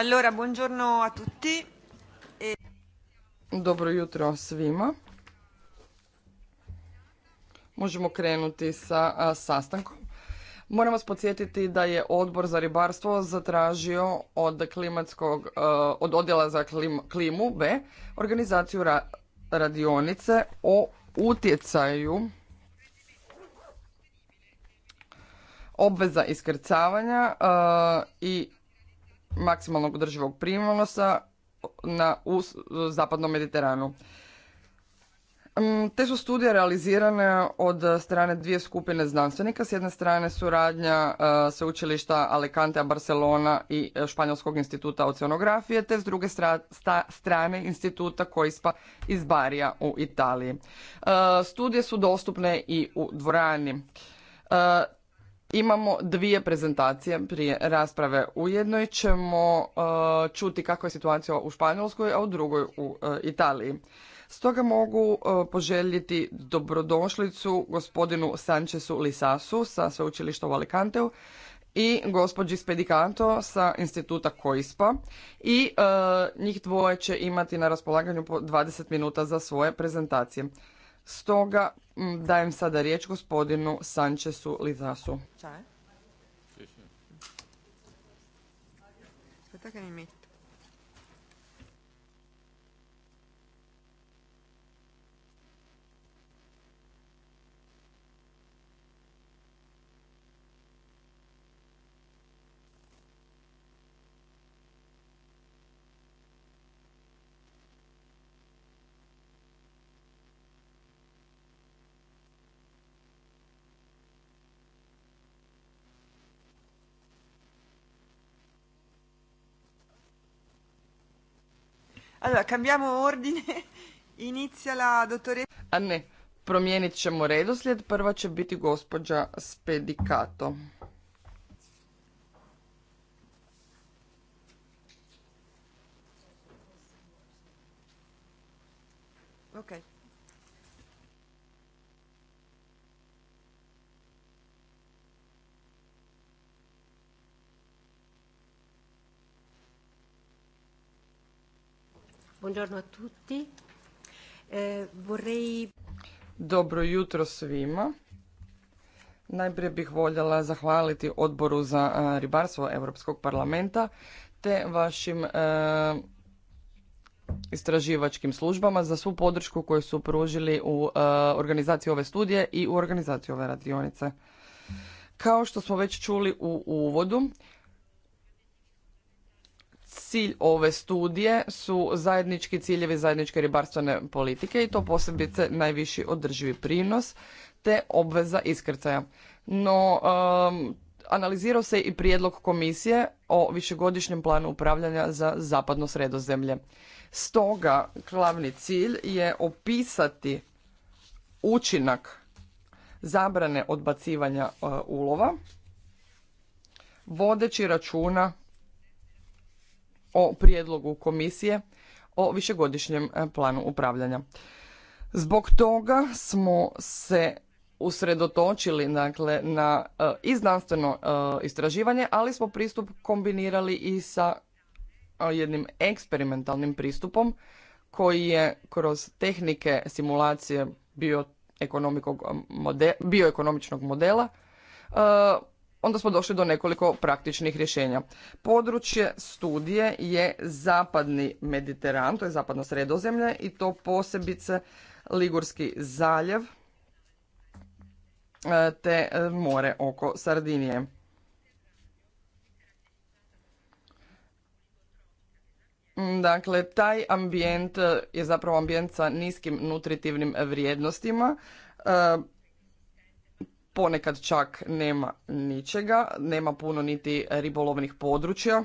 Allora, buongiorno a tutti. E... Dobro jutro svima. Možemo krenuti sa sastankom. Moram vas podsjetiti da je odbor za ribarstvo zatražio od klimatskog od odjela za klimu B organizaciju radionice o utjecaju obveza iskrcavanja i maksimalnog održivog prinosa na u zapadnom Mediteranu. Mm, te su studije realizirane od strane dvije skupine znanstvenika. S jedne strane suradnja e, sveučilišta Alicante, Barcelona i e, Španjolskog instituta oceanografije, te s druge strane instituta Koispa iz Barija u Italiji. E, studije su dostupne i u dvorani. Imamo dvije prezentacije prije rasprave. U jednoj ćemo e, čuti kako je situacija u Španjolskoj, a u drugoj u e, Italiji. Stoga mogu uh, poželjeti dobrodošlicu gospodinu Sančesu Lisasu sa sveučilišta u Alicanteu i gospođi Spedikanto sa instituta Koispa i njih dvoje će imati na raspolaganju po 20 minuta za svoje prezentacije. Stoga mm, dajem sada riječ gospodinu Sančesu Lizasu. Čaj. Allora, cambiamo ordine. Inizia la dottoressa... A ne, promijenit ćemo redoslijed. Prva će biti gospođa Spedicato. Okay. Buongiorno a tutti. Eh, vorrei... Dobro jutro svima. Najprije bih voljela zahvaliti odboru za eh, ribarstvo Europskog parlamenta te vašim eh, istraživačkim službama za svu podršku koju su pružili u organizaciji ove studije i u organizaciji ove radionice. Kao što smo već čuli u uvodu, cilj ove studije su zajednički ciljevi zajedničke ribarstvene politike i to posebice najviši održivi prinos te obveza iskrcaja. No, um, analizirao se i prijedlog komisije o višegodišnjem planu upravljanja za zapadno sredozemlje. Stoga, glavni cilj je opisati učinak zabrane odbacivanja e, ulova, vodeći računa o prijedlogu komisije o višegodišnjem e, planu upravljanja. Zbog toga smo se usredotočili dakle, na e, i znanstveno e, istraživanje, ali smo pristup kombinirali i sa jednim eksperimentalnim pristupom koji je kroz tehnike simulacije bioekonomičnog modela onda smo došli do nekoliko praktičnih rješenja. Područje studije je zapadni Mediteran, to je zapadno sredozemlje i to posebice Ligurski zaljev e, te e, more oko Sardinije. Mm, dakle, taj ambijent e, je zapravo ambijent sa niskim nutritivnim vrijednostima, ponekad čak nema ničega, nema puno niti ribolovnih područja,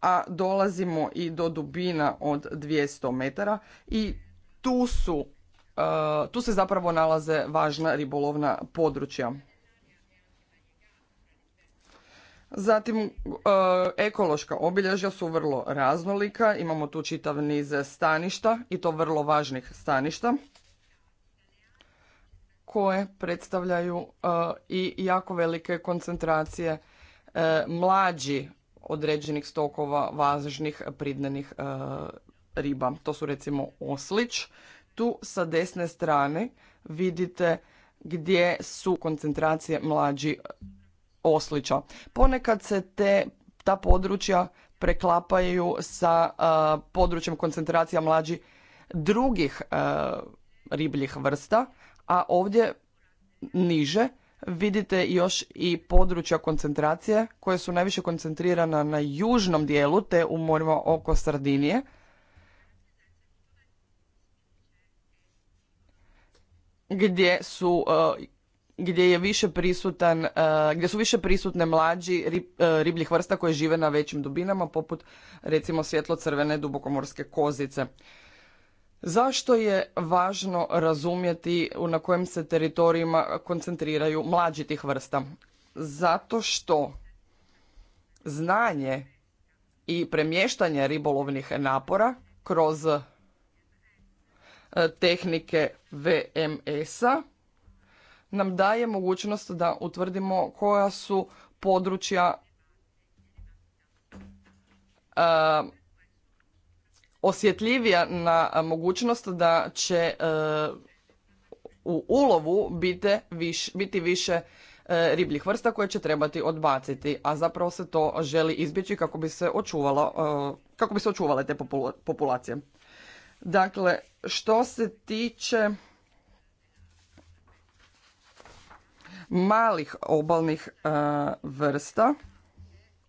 a dolazimo i do dubina od 200 metara i tu su, e, tu se zapravo nalaze važna ribolovna područja. Zatim, e, ekološka obilježja su vrlo raznolika, imamo tu čitav niz staništa i to vrlo važnih staništa koje predstavljaju eh, i jako velike koncentracije eh, mlađi određenih stokova važnih pridnenih eh, riba. To su recimo oslić. Tu sa desne strane vidite gdje su koncentracije mlađi oslića. Ponekad se te, ta područja preklapaju sa područjem koncentracija mlađi drugih ribljih vrsta a ovdje niže vidite još i područja koncentracije koje su najviše koncentrirana na južnom dijelu te u morima oko Sardinije. Gdje su e, gdje je više prisutan, e, gdje su više prisutne mlađi e, ribljih vrsta koje žive na većim dubinama, poput recimo svjetlo crvene dubokomorske kozice. Zašto je važno razumjeti na kojim se teritorijima koncentriraju mlađi tih vrsta? Zato što znanje i premještanje ribolovnih napora kroz e, tehnike VMS-a nam daje mogućnost da utvrdimo koja su područja e, osjetljivija na mogućnost da će e, u ulovu biti više e, ribljih vrsta koje će trebati odbaciti, a zapravo se to želi izbjeći kako bi se, očuvalo, e, kako bi se očuvale te populacije. Dakle, što se tiče malih obalnih vrsta,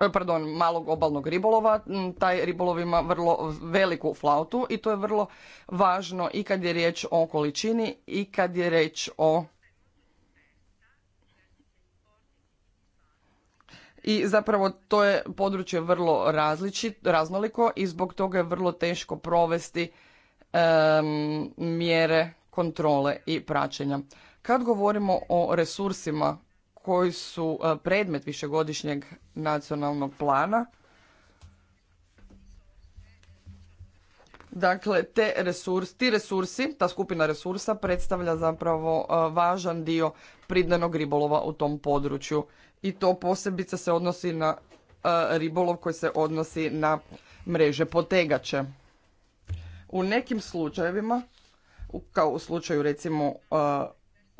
Eh, pardon, malog obalnog ribolova, mm, taj ribolov ima vrlo veliku flautu i to je vrlo važno i kad je riječ o količini i kad je riječ o I zapravo to je područje vrlo različit, raznoliko i zbog toga je vrlo teško provesti mjere kontrole i praćenja. Kad govorimo o resursima koji su e, predmet višegodišnjeg nacionalnog plana. Dakle, te resurs, ti resursi, ta skupina resursa predstavlja zapravo e, važan dio pridanog ribolova u tom području. I to posebice se odnosi na e, ribolov koji se odnosi na mreže potegače. U nekim slučajevima, kao u slučaju recimo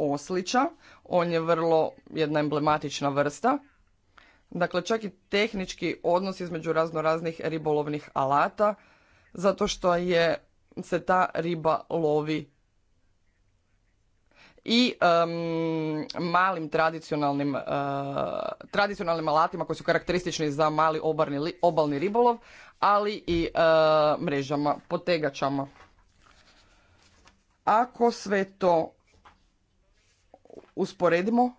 oslića. On je vrlo jedna emblematična vrsta. Dakle, čak i tehnički odnos između razno raznih ribolovnih alata, zato što je se ta riba lovi i malim tradicionalnim, eh, tradicionalnim alatima koji su karakteristični za mali obalni ribolov, ali i uh, mrežama, potegačama. Ako sve to usporedimo,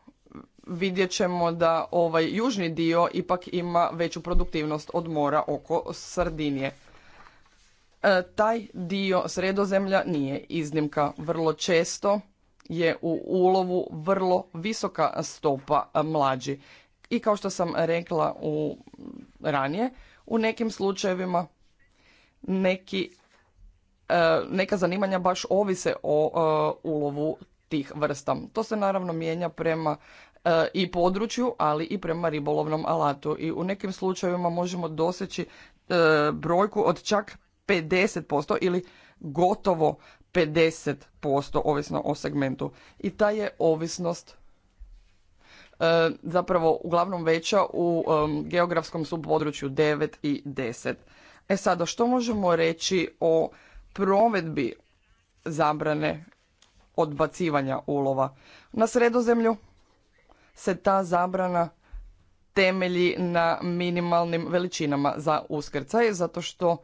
vidjet ćemo da ovaj južni dio ipak ima veću produktivnost od mora oko Sardinije. E, taj dio sredozemlja nije iznimka. Vrlo često je u ulovu vrlo visoka stopa mlađi. I kao što sam rekla u ranije, u nekim slučajevima neki, e, neka zanimanja baš ovise o e, ulovu tih vrsta. To se naravno mijenja prema e, i području, ali i prema ribolovnom alatu. I u nekim slučajevima možemo doseći e, brojku od čak 50% ili gotovo 50% ovisno o segmentu. I ta je ovisnost e, zapravo uglavnom veća u e, geografskom subpodručju 9 i 10. E sada, što možemo reći o provedbi zabrane odbacivanja ulova. Na sredozemlju se ta zabrana temelji na minimalnim veličinama za uskrcaj, zato što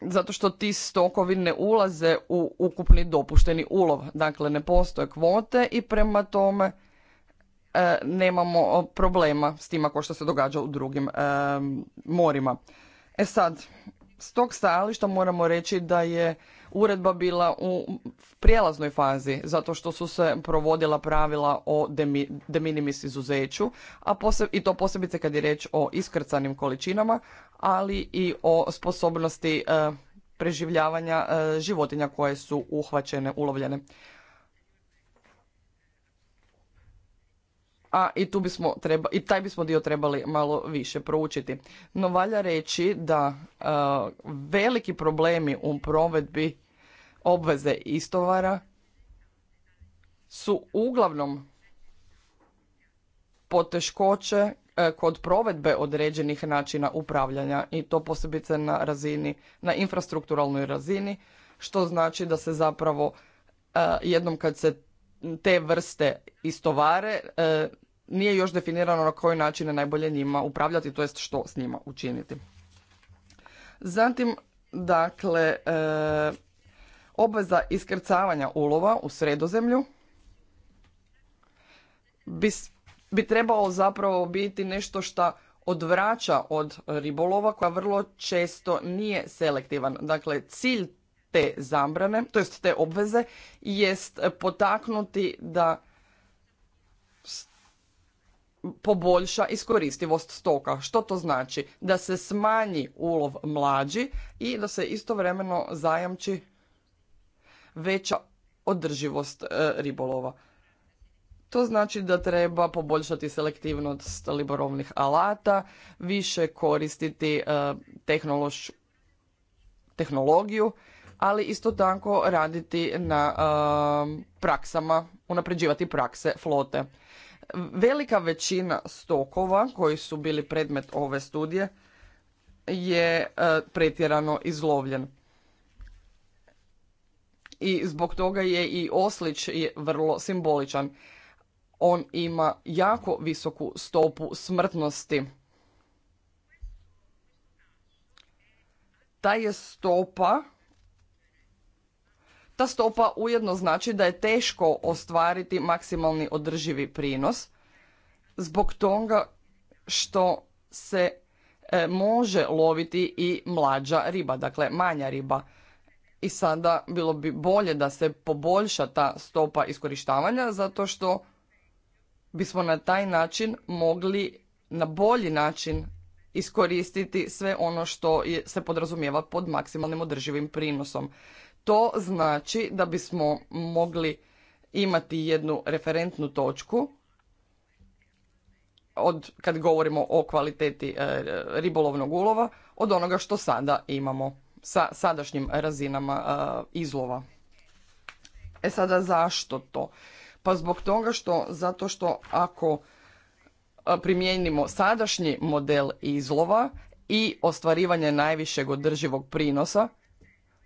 zato što ti stokovi ne ulaze u ukupni dopušteni ulov. Dakle, ne postoje kvote i prema tome e, nemamo problema s tima ko što se događa u drugim e, morima. E sad, s tog stajališta moramo reći da je uredba bila u prijelaznoj fazi zato što su se provodila pravila o de minimis izuzeću a i to posebice kad je riječ o iskrcanim količinama ali i o sposobnosti eh, preživljavanja eh, životinja koje su uhvaćene ulovljene a i tu bismo treba, i taj bismo dio trebali malo više proučiti. No valja reći da e, veliki problemi u provedbi obveze istovara su uglavnom poteškoće e, kod provedbe određenih načina upravljanja i to posebice na razini, na infrastrukturalnoj razini, što znači da se zapravo e, jednom kad se te vrste istovare nije još definirano na koji način je najbolje njima upravljati, to jest što s njima učiniti. Zatim, dakle, e, obveza iskrcavanja ulova u sredozemlju bi, bi trebao zapravo biti nešto što odvraća od ribolova koja vrlo često nije selektivan. Dakle, cilj te zabrane, to jest te obveze, jest potaknuti da poboljša iskoristivost stoka. Što to znači? Da se smanji ulov mlađi i da se istovremeno zajamči veća održivost e, ribolova. To znači da treba poboljšati selektivnost liborovnih alata, više koristiti e, tehnološ, tehnologiju, ali isto tako raditi na e, praksama, unapređivati prakse flote. Velika većina stokova koji su bili predmet ove studije je e, pretjerano izlovljen. I zbog toga je i oslić je vrlo simboličan. On ima jako visoku stopu smrtnosti. Ta je stopa ta stopa ujedno znači da je teško ostvariti maksimalni održivi prinos zbog toga što se e, može loviti i mlađa riba, dakle manja riba. I sada bilo bi bolje da se poboljša ta stopa iskorištavanja zato što bismo na taj način mogli na bolji način iskoristiti sve ono što se podrazumijeva pod maksimalnim održivim prinosom. To znači da bismo mogli imati jednu referentnu točku od kad govorimo o kvaliteti e, ribolovnog ulova od onoga što sada imamo sa sadašnjim razinama e, izlova. E sada zašto to? Pa zbog toga što zato što ako e, primijenimo sadašnji model izlova i ostvarivanje najvišeg održivog prinosa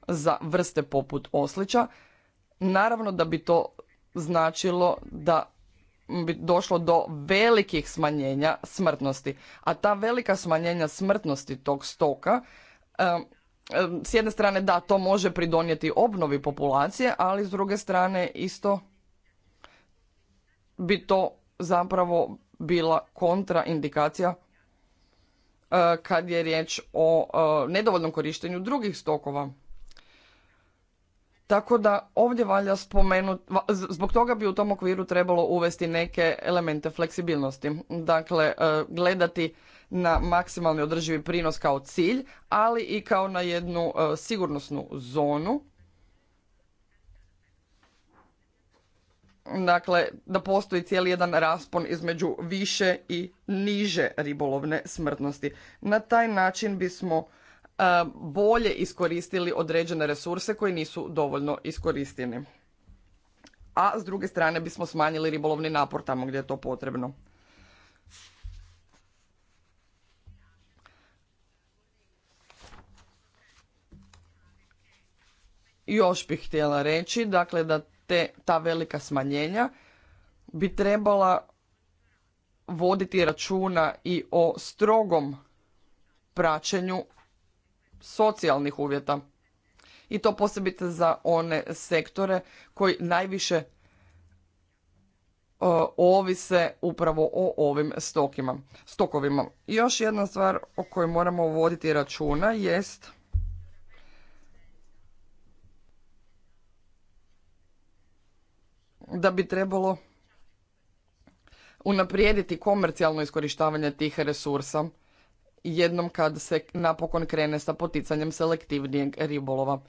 za vrste poput oslića, naravno da bi to značilo da bi došlo do velikih smanjenja smrtnosti. A ta velika smanjenja smrtnosti tog stoka, s jedne strane da, to može pridonijeti obnovi populacije, ali s druge strane isto bi to zapravo bila kontraindikacija eh, kad je riječ o eh, nedovoljnom korištenju drugih stokova. Tako da ovdje valja spomenuti, zbog toga bi u tom okviru trebalo uvesti neke elemente fleksibilnosti. Dakle, e, gledati na maksimalni održivi prinos kao cilj, ali i kao na jednu e, sigurnosnu zonu. Dakle, da postoji cijeli jedan raspon između više i niže ribolovne smrtnosti. Na taj način bismo E, bolje iskoristili određene resurse koji nisu dovoljno iskoristjeni. A s druge strane bismo smanjili ribolovni napor tamo gdje je to potrebno. Još bih htjela reći, dakle da te, ta velika smanjenja bi trebala voditi računa i o strogom praćenju socijalnih uvjeta. I to posebite za one sektore koji najviše e, ovise upravo o ovim stokima, stokovima. još jedna stvar o kojoj moramo voditi računa jest da bi trebalo unaprijediti komercijalno iskorištavanje tih resursa jednom kad se napokon krene sa poticanjem selektivnijeg ribolova.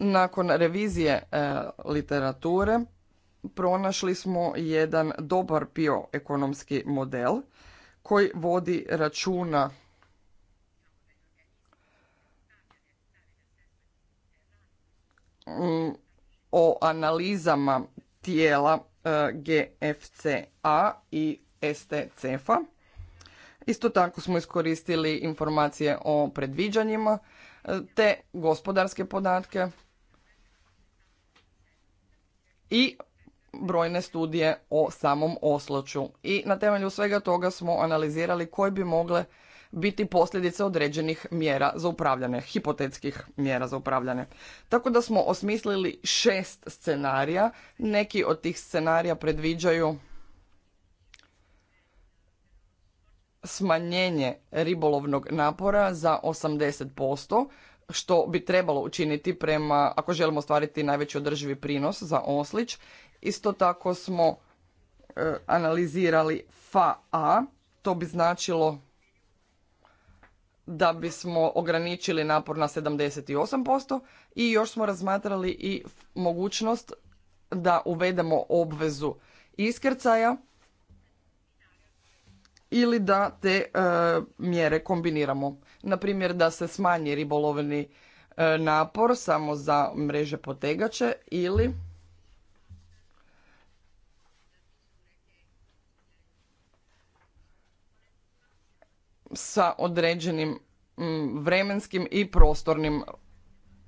Nakon revizije e, literature pronašli smo jedan dobar bioekonomski model koji vodi računa mm, o analizama tijela e, GFCA i STCFA. Isto tako smo iskoristili informacije o predviđanjima e, te gospodarske podatke i brojne studije o samom osloću. I na temelju svega toga smo analizirali koje bi mogle biti posljedice određenih mjera za upravljanje, hipotetskih mjera za upravljanje. Tako da smo osmislili šest scenarija. Neki od tih scenarija predviđaju smanjenje ribolovnog napora za 80%, što bi trebalo učiniti prema, ako želimo ostvariti najveći održivi prinos za oslić. Isto tako smo e, analizirali FA, to bi značilo da bismo ograničili napor na 78% i još smo razmatrali i mogućnost da uvedemo obvezu iskrcaja ili da te e, mjere kombiniramo. Na primjer, da se smanji ribolovni e, napor samo za mreže potegače ili sa određenim vremenskim i prostornim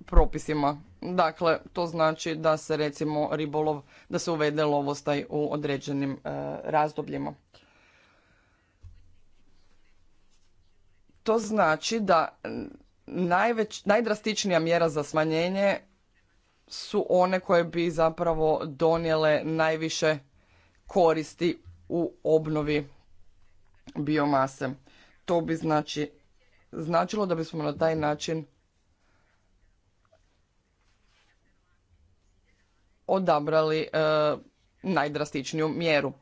propisima. Dakle, to znači da se recimo ribolov, da se uvede lovostaj u određenim e, razdobljima. To znači da najveć, najdrastičnija mjera za smanjenje su one koje bi zapravo donijele najviše koristi u obnovi biomase. To bi znači značilo da bismo na taj način odabrali e, najdrastičniju mjeru.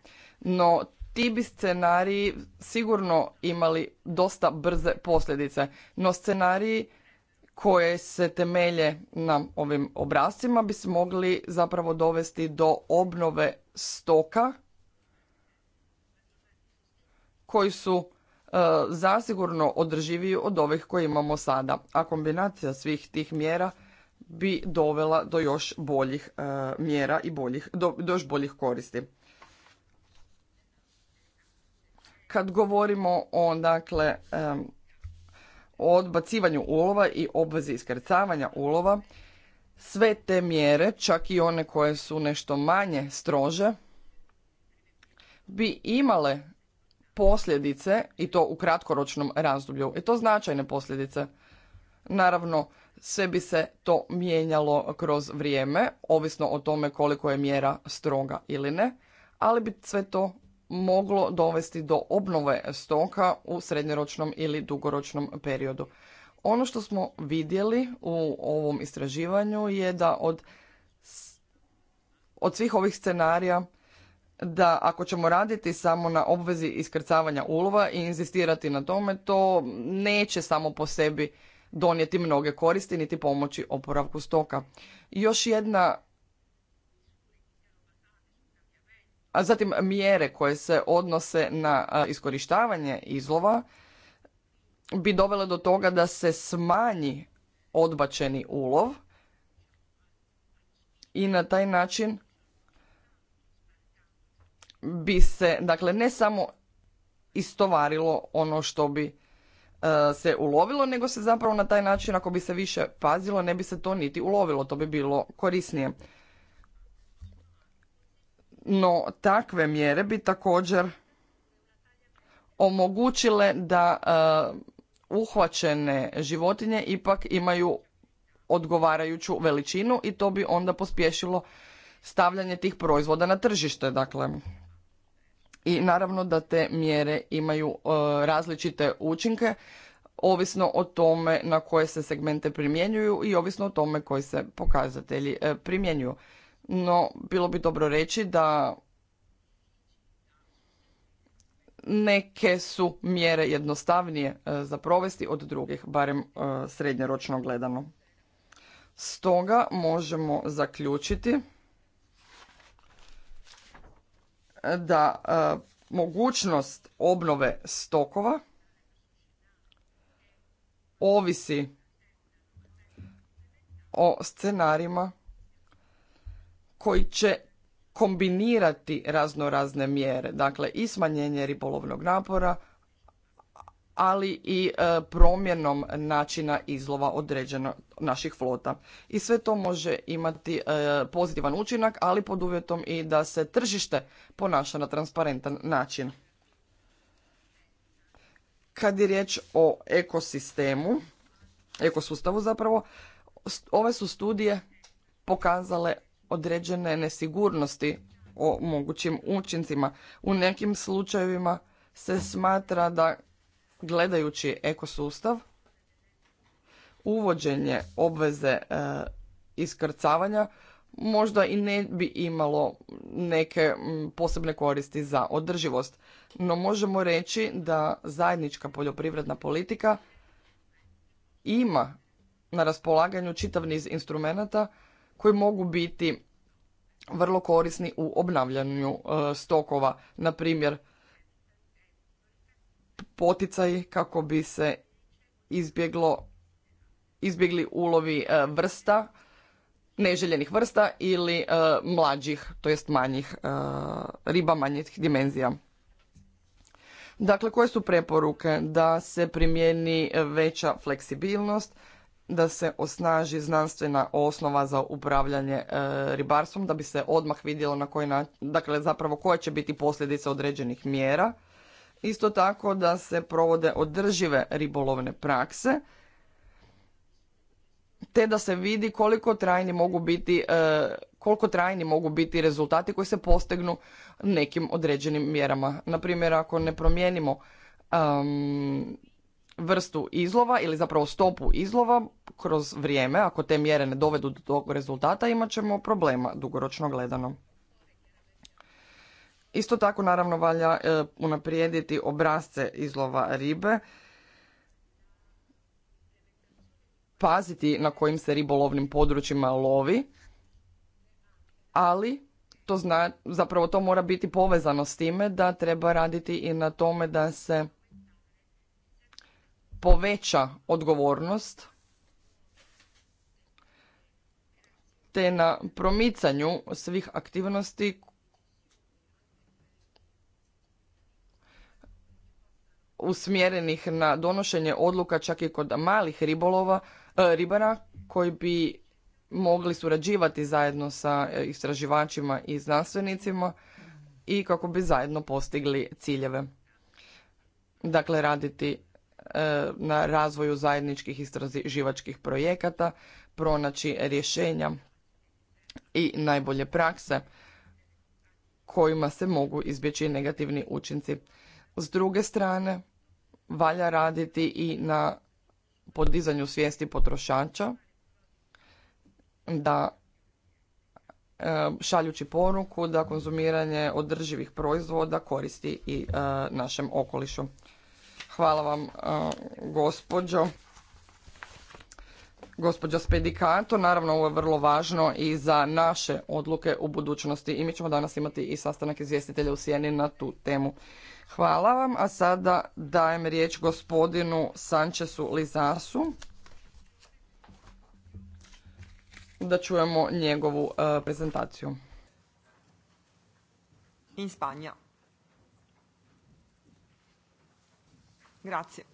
No ti bi scenariji sigurno imali dosta brze posljedice, no scenariji koje se temelje na ovim obrascima bi se mogli zapravo dovesti do obnove stoka koji su e, zasigurno održiviji od ovih koje imamo sada, a kombinacija svih tih mjera bi dovela do još boljih e, mjera i boljih, do još boljih koristi. kad govorimo o dakle o odbacivanju ulova i obvezi iskrcavanja ulova, sve te mjere, čak i one koje su nešto manje strože, bi imale posljedice i to u kratkoročnom razdoblju. I e, to značajne posljedice. Naravno, sve bi se to mijenjalo kroz vrijeme, ovisno o tome koliko je mjera stroga ili ne, ali bi sve to moglo dovesti do obnove stoka u srednjoročnom ili dugoročnom periodu. Ono što smo vidjeli u ovom istraživanju je da od, od svih ovih scenarija da ako ćemo raditi samo na obvezi iskrcavanja ulova i inzistirati na tome, to neće samo po sebi donijeti mnoge koristi niti pomoći oporavku stoka. još jedna a zatim mjere koje se odnose na iskorištavanje izlova bi dovele do toga da se smanji odbačeni ulov i na taj način bi se dakle ne samo istovarilo ono što bi se ulovilo, nego se zapravo na taj način ako bi se više pazilo ne bi se to niti ulovilo, to bi bilo korisnije. No, takve mjere bi također omogućile da e, uhvaćene životinje ipak imaju odgovarajuću veličinu i to bi onda pospješilo stavljanje tih proizvoda na tržište. Dakle, i naravno da te mjere imaju e, različite učinke ovisno o tome na koje se segmente primjenjuju i ovisno o tome koji se pokazatelji e, primjenjuju. No, bilo bi dobro reći da neke su mjere jednostavnije e, za provesti od drugih, barem e, srednjeročno gledano. Stoga možemo zaključiti e, da mogućnost obnove stokova ovisi o scenarijima koji će kombinirati razno razne mjere, dakle i smanjenje ribolovnog napora, ali i e, promjenom načina izlova određeno naših flota. I sve to može imati e, pozitivan učinak, ali pod uvjetom i da se tržište ponaša na transparentan način. Kad je riječ o ekosistemu, ekosustavu zapravo, ove su studije pokazale određene nesigurnosti o mogućim učincima. U nekim slučajevima se smatra da gledajući ekosustav uvođenje obveze e, iskrcavanja možda i ne bi imalo neke posebne koristi za održivost. No možemo reći da zajednička poljoprivredna politika ima na raspolaganju čitav niz instrumenata koji mogu biti vrlo korisni u obnavljanju e, stokova. Na primjer, poticaji kako bi se izbjeglo, izbjegli ulovi e, vrsta, neželjenih vrsta ili e, mlađih, to jest manjih riba manjih dimenzija. Dakle, koje su preporuke? Da se primijeni veća fleksibilnost, da se osnaži znanstvena osnova za upravljanje e, ribarstvom da bi se odmah vidjelo na koji način, dakle zapravo koje će biti posljedice određenih mjera. Isto tako da se provode održive ribolovne prakse te da se vidi koliko trajni mogu biti e, koliko trajni mogu biti rezultati koji se postignu nekim određenim mjerama. Na primjer, ako ne promijenimo vrstu izlova ili zapravo stopu izlova kroz vrijeme, ako te mjere ne dovedu do tog rezultata, imat ćemo problema dugoročno gledano. Isto tako naravno valja e, unaprijediti obrazce izlova ribe, paziti na kojim se ribolovnim područjima lovi, ali to zapravo to mora biti povezano s time da treba raditi i na tome da se poveća odgovornost te na promicanju svih aktivnosti usmjerenih na donošenje odluka čak i kod malih ribolova, e, ribara koji bi mogli surađivati zajedno sa e, istraživačima i znanstvenicima i kako bi zajedno postigli ciljeve. Dakle, raditi E, na razvoju zajedničkih istraživačkih projekata, pronaći rješenja i najbolje prakse kojima se mogu izbjeći negativni učinci. S druge strane, valja raditi i na podizanju svijesti potrošača da e, šaljući poruku da konzumiranje održivih proizvoda koristi i e, našem okolišu. Hvala vam, e, gospođo. gospođo Spedikato, naravno ovo je vrlo važno i za naše odluke u budućnosti i mi ćemo danas imati i sastanak izvjestitelja u Sijeni na tu temu. Hvala vam, a sada dajem riječ gospodinu Sančesu Lizarsu da čujemo njegovu e, prezentaciju. In Grazie.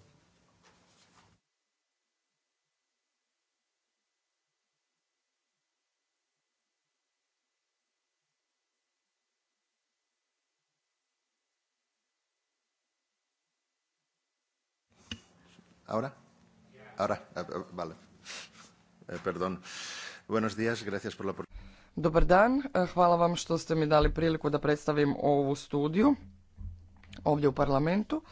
¿Ahora? Ahora, eh, eh, vale. Eh, perdón. Buenos días, gracias por la Dobar dan, eh, hvala vam što ste mi dali priliku da predstavim ovu studiju ovdje u parlamentu.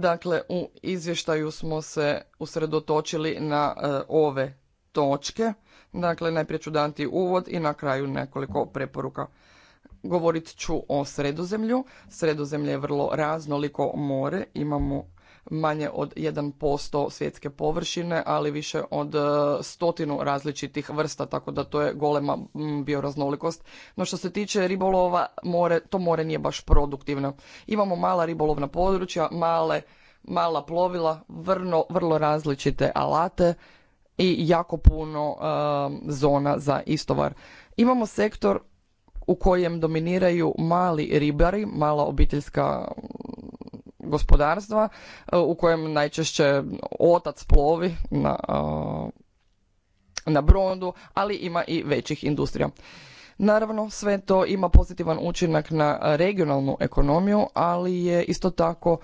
Dakle, u izvještaju smo se usredotočili na e, ove točke. Dakle, najprije ću dati uvod i na kraju nekoliko preporuka. Govorit ću o sredozemlju. Sredozemlje je vrlo raznoliko more. Imamo manje od 1% svjetske površine, ali više od e, stotinu različitih vrsta, tako da to je golema bioraznolikost. No što se tiče ribolova, more, to more nije baš produktivno. Imamo mala ribolovna područja, male, mala plovila, vrlo, vrlo različite alate i jako puno e, zona za istovar. Imamo sektor u kojem dominiraju mali ribari, mala obiteljska gospodarstva e, u kojem najčešće otac plovi na, e, na brondu, ali ima i većih industrija. Naravno, sve to ima pozitivan učinak na regionalnu ekonomiju, ali je isto tako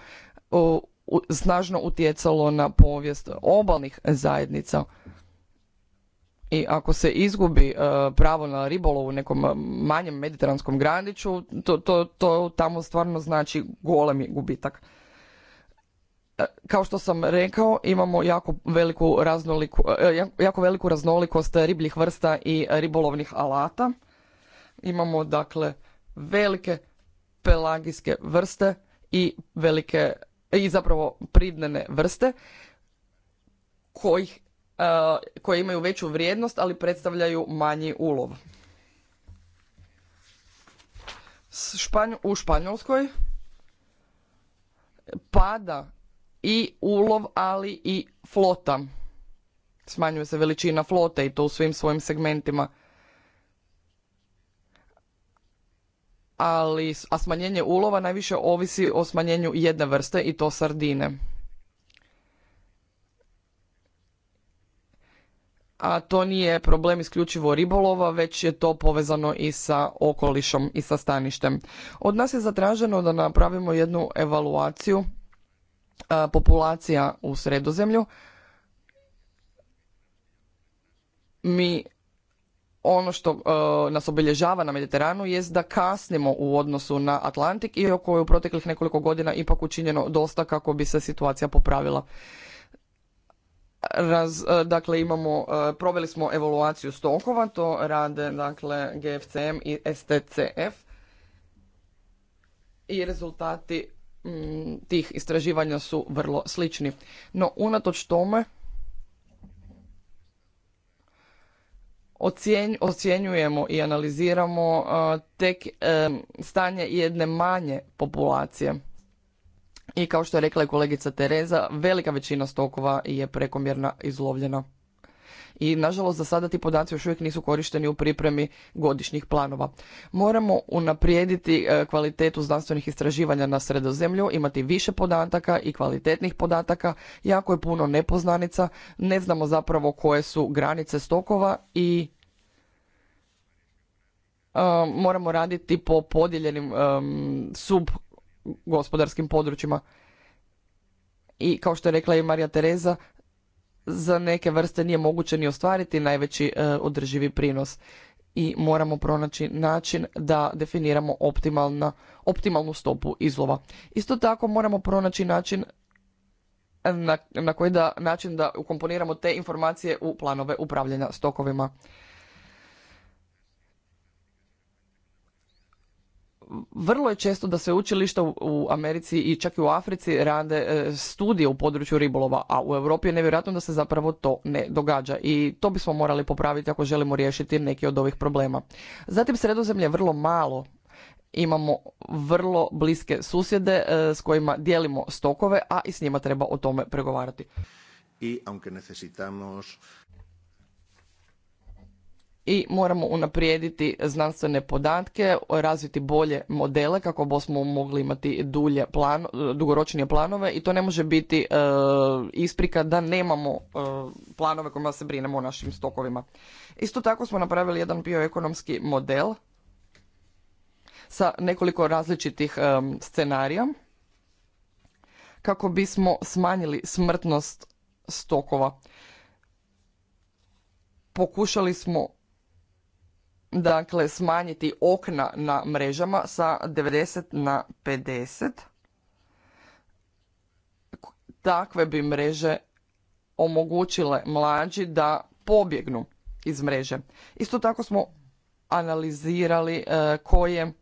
e, snažno utjecalo na povijest obalnih zajednica i ako se izgubi e, pravo na ribolov u nekom manjem mediteranskom grandiću to, to, to tamo stvarno znači golemi gubitak. E, kao što sam rekao, imamo jako veliku, e, jako veliku raznolikost ribljih vrsta i ribolovnih alata. Imamo dakle velike pelagijske vrste i velike i zapravo pridnene vrste kojih E, koje imaju veću vrijednost, ali predstavljaju manji ulov. U Španjolskoj pada i ulov, ali i flota. Smanjuje se veličina flote i to u svim svojim segmentima. a smanjenje ulova najviše ovisi o smanjenju jedne vrste i to sardine. a to nije problem isključivo ribolova, već je to povezano i sa okolišom i sa staništem. Od nas je zatraženo da napravimo jednu evaluaciju populacija u sredozemlju. Mi ono što e, nas obilježava na Mediteranu je da kasnimo u odnosu na Atlantik i oko je u proteklih nekoliko godina ipak učinjeno dosta kako bi se situacija popravila. E, dakle imamo, e, proveli smo evaluaciju stokova, to rade dakle GFCM i STCF i rezultati mm, tih istraživanja su vrlo slični. No unatoč tome ocjenjujemo i analiziramo e, tek stanje jedne manje populacije. I kao što je rekla i kolegica Tereza, velika većina stokova je prekomjerna izlovljena. I nažalost za sada ti podaci još uvijek nisu korišteni u pripremi godišnjih planova. Moramo unaprijediti e, kvalitetu znanstvenih istraživanja na sredozemlju, imati više podataka i kvalitetnih podataka, jako je puno nepoznanica, ne znamo zapravo koje su granice stokova i e, moramo raditi po podijeljenim e, sub gospodarskim područjima. I kao što je rekla i Marija Tereza, za neke vrste nije moguće ni ostvariti najveći e, održivi prinos i moramo pronaći način da definiramo optimalna, optimalnu stopu izlova. Isto tako moramo pronaći način na, na koji da način da ukomponiramo te informacije u planove upravljanja stokovima. vrlo je često da se učilišta u Americi i čak i u Africi rade e, studije u području ribolova, a u Europi je nevjerojatno da se zapravo to ne događa i to bismo morali popraviti ako želimo riješiti neki od ovih problema. Zatim sredozemlje je vrlo malo imamo vrlo bliske susjede e, s kojima dijelimo stokove, a i s njima treba o tome pregovarati. I aunque i moramo unaprijediti znanstvene podatke, razviti bolje modele kako bismo mogli imati dulje plan, dugoročnije planove i to ne može biti e, isprika da nemamo e, planove kojima se brinemo o našim stokovima. Isto tako smo napravili jedan bioekonomski model sa nekoliko različitih e, scenarija kako bismo smanjili smrtnost stokova pokušali smo dakle smanjiti okna na mrežama sa 90 na 50. Takve bi mreže omogućile mlađi da pobjegnu iz mreže. Isto tako smo analizirali e, koje,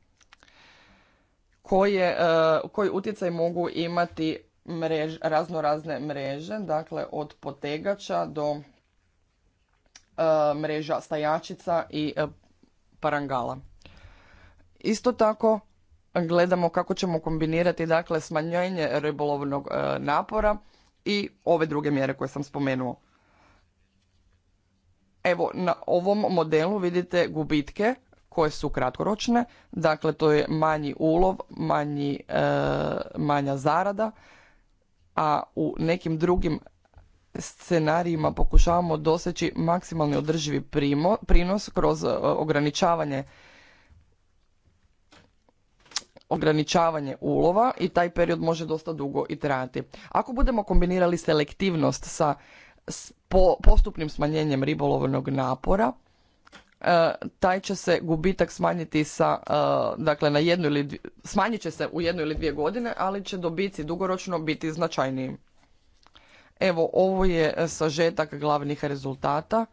koje, e, koji utjecaj mogu imati mrež, razno razne mreže, dakle od potegača do e, mreža stajačica i Parangala. Isto tako gledamo kako ćemo kombinirati dakle smanjenje ribolovnog e, napora i ove druge mjere koje sam spomenuo. Evo, na ovom modelu vidite gubitke koje su kratkoročne, dakle to je manji ulov, manji, e, manja zarada, a u nekim drugim scenarijima pokušavamo doseći maksimalni održivi primo, prinos kroz e, ograničavanje ograničavanje ulova i taj period može dosta dugo i trajati. Ako budemo kombinirali selektivnost sa postupnim smanjenjem ribolovnog napora, e, taj će se gubitak smanjiti sa, e, dakle, na jednu ili smanjit će se u jednu ili dvije godine, ali će dobici dugoročno biti značajniji. Evo, ovo je sažetak glavnih rezultata.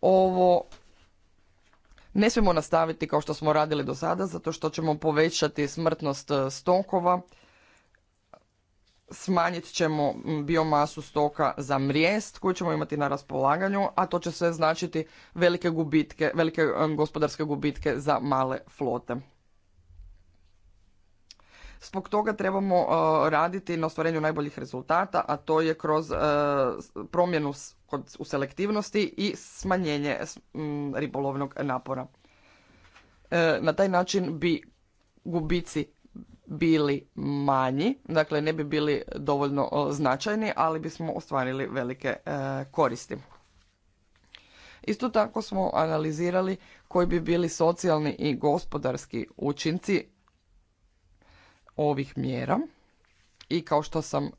Ovo ne smijemo nastaviti kao što smo radili do sada, zato što ćemo povećati smrtnost e, stokova, smanjit ćemo biomasu stoka za mrijest koju ćemo imati na raspolaganju, a to će sve značiti velike gubitke, velike gospodarske gubitke za male flote. Zbog toga trebamo e, raditi na ostvarenju najboljih rezultata, a to je kroz e, promjenu u selektivnosti i smanjenje ribolovnog napora. E, na taj način bi gubici bili manji, dakle ne bi bili dovoljno značajni, ali bismo ostvarili velike koristi. Isto tako smo analizirali koji bi bili socijalni i gospodarski učinci ovih mjera i kao što sam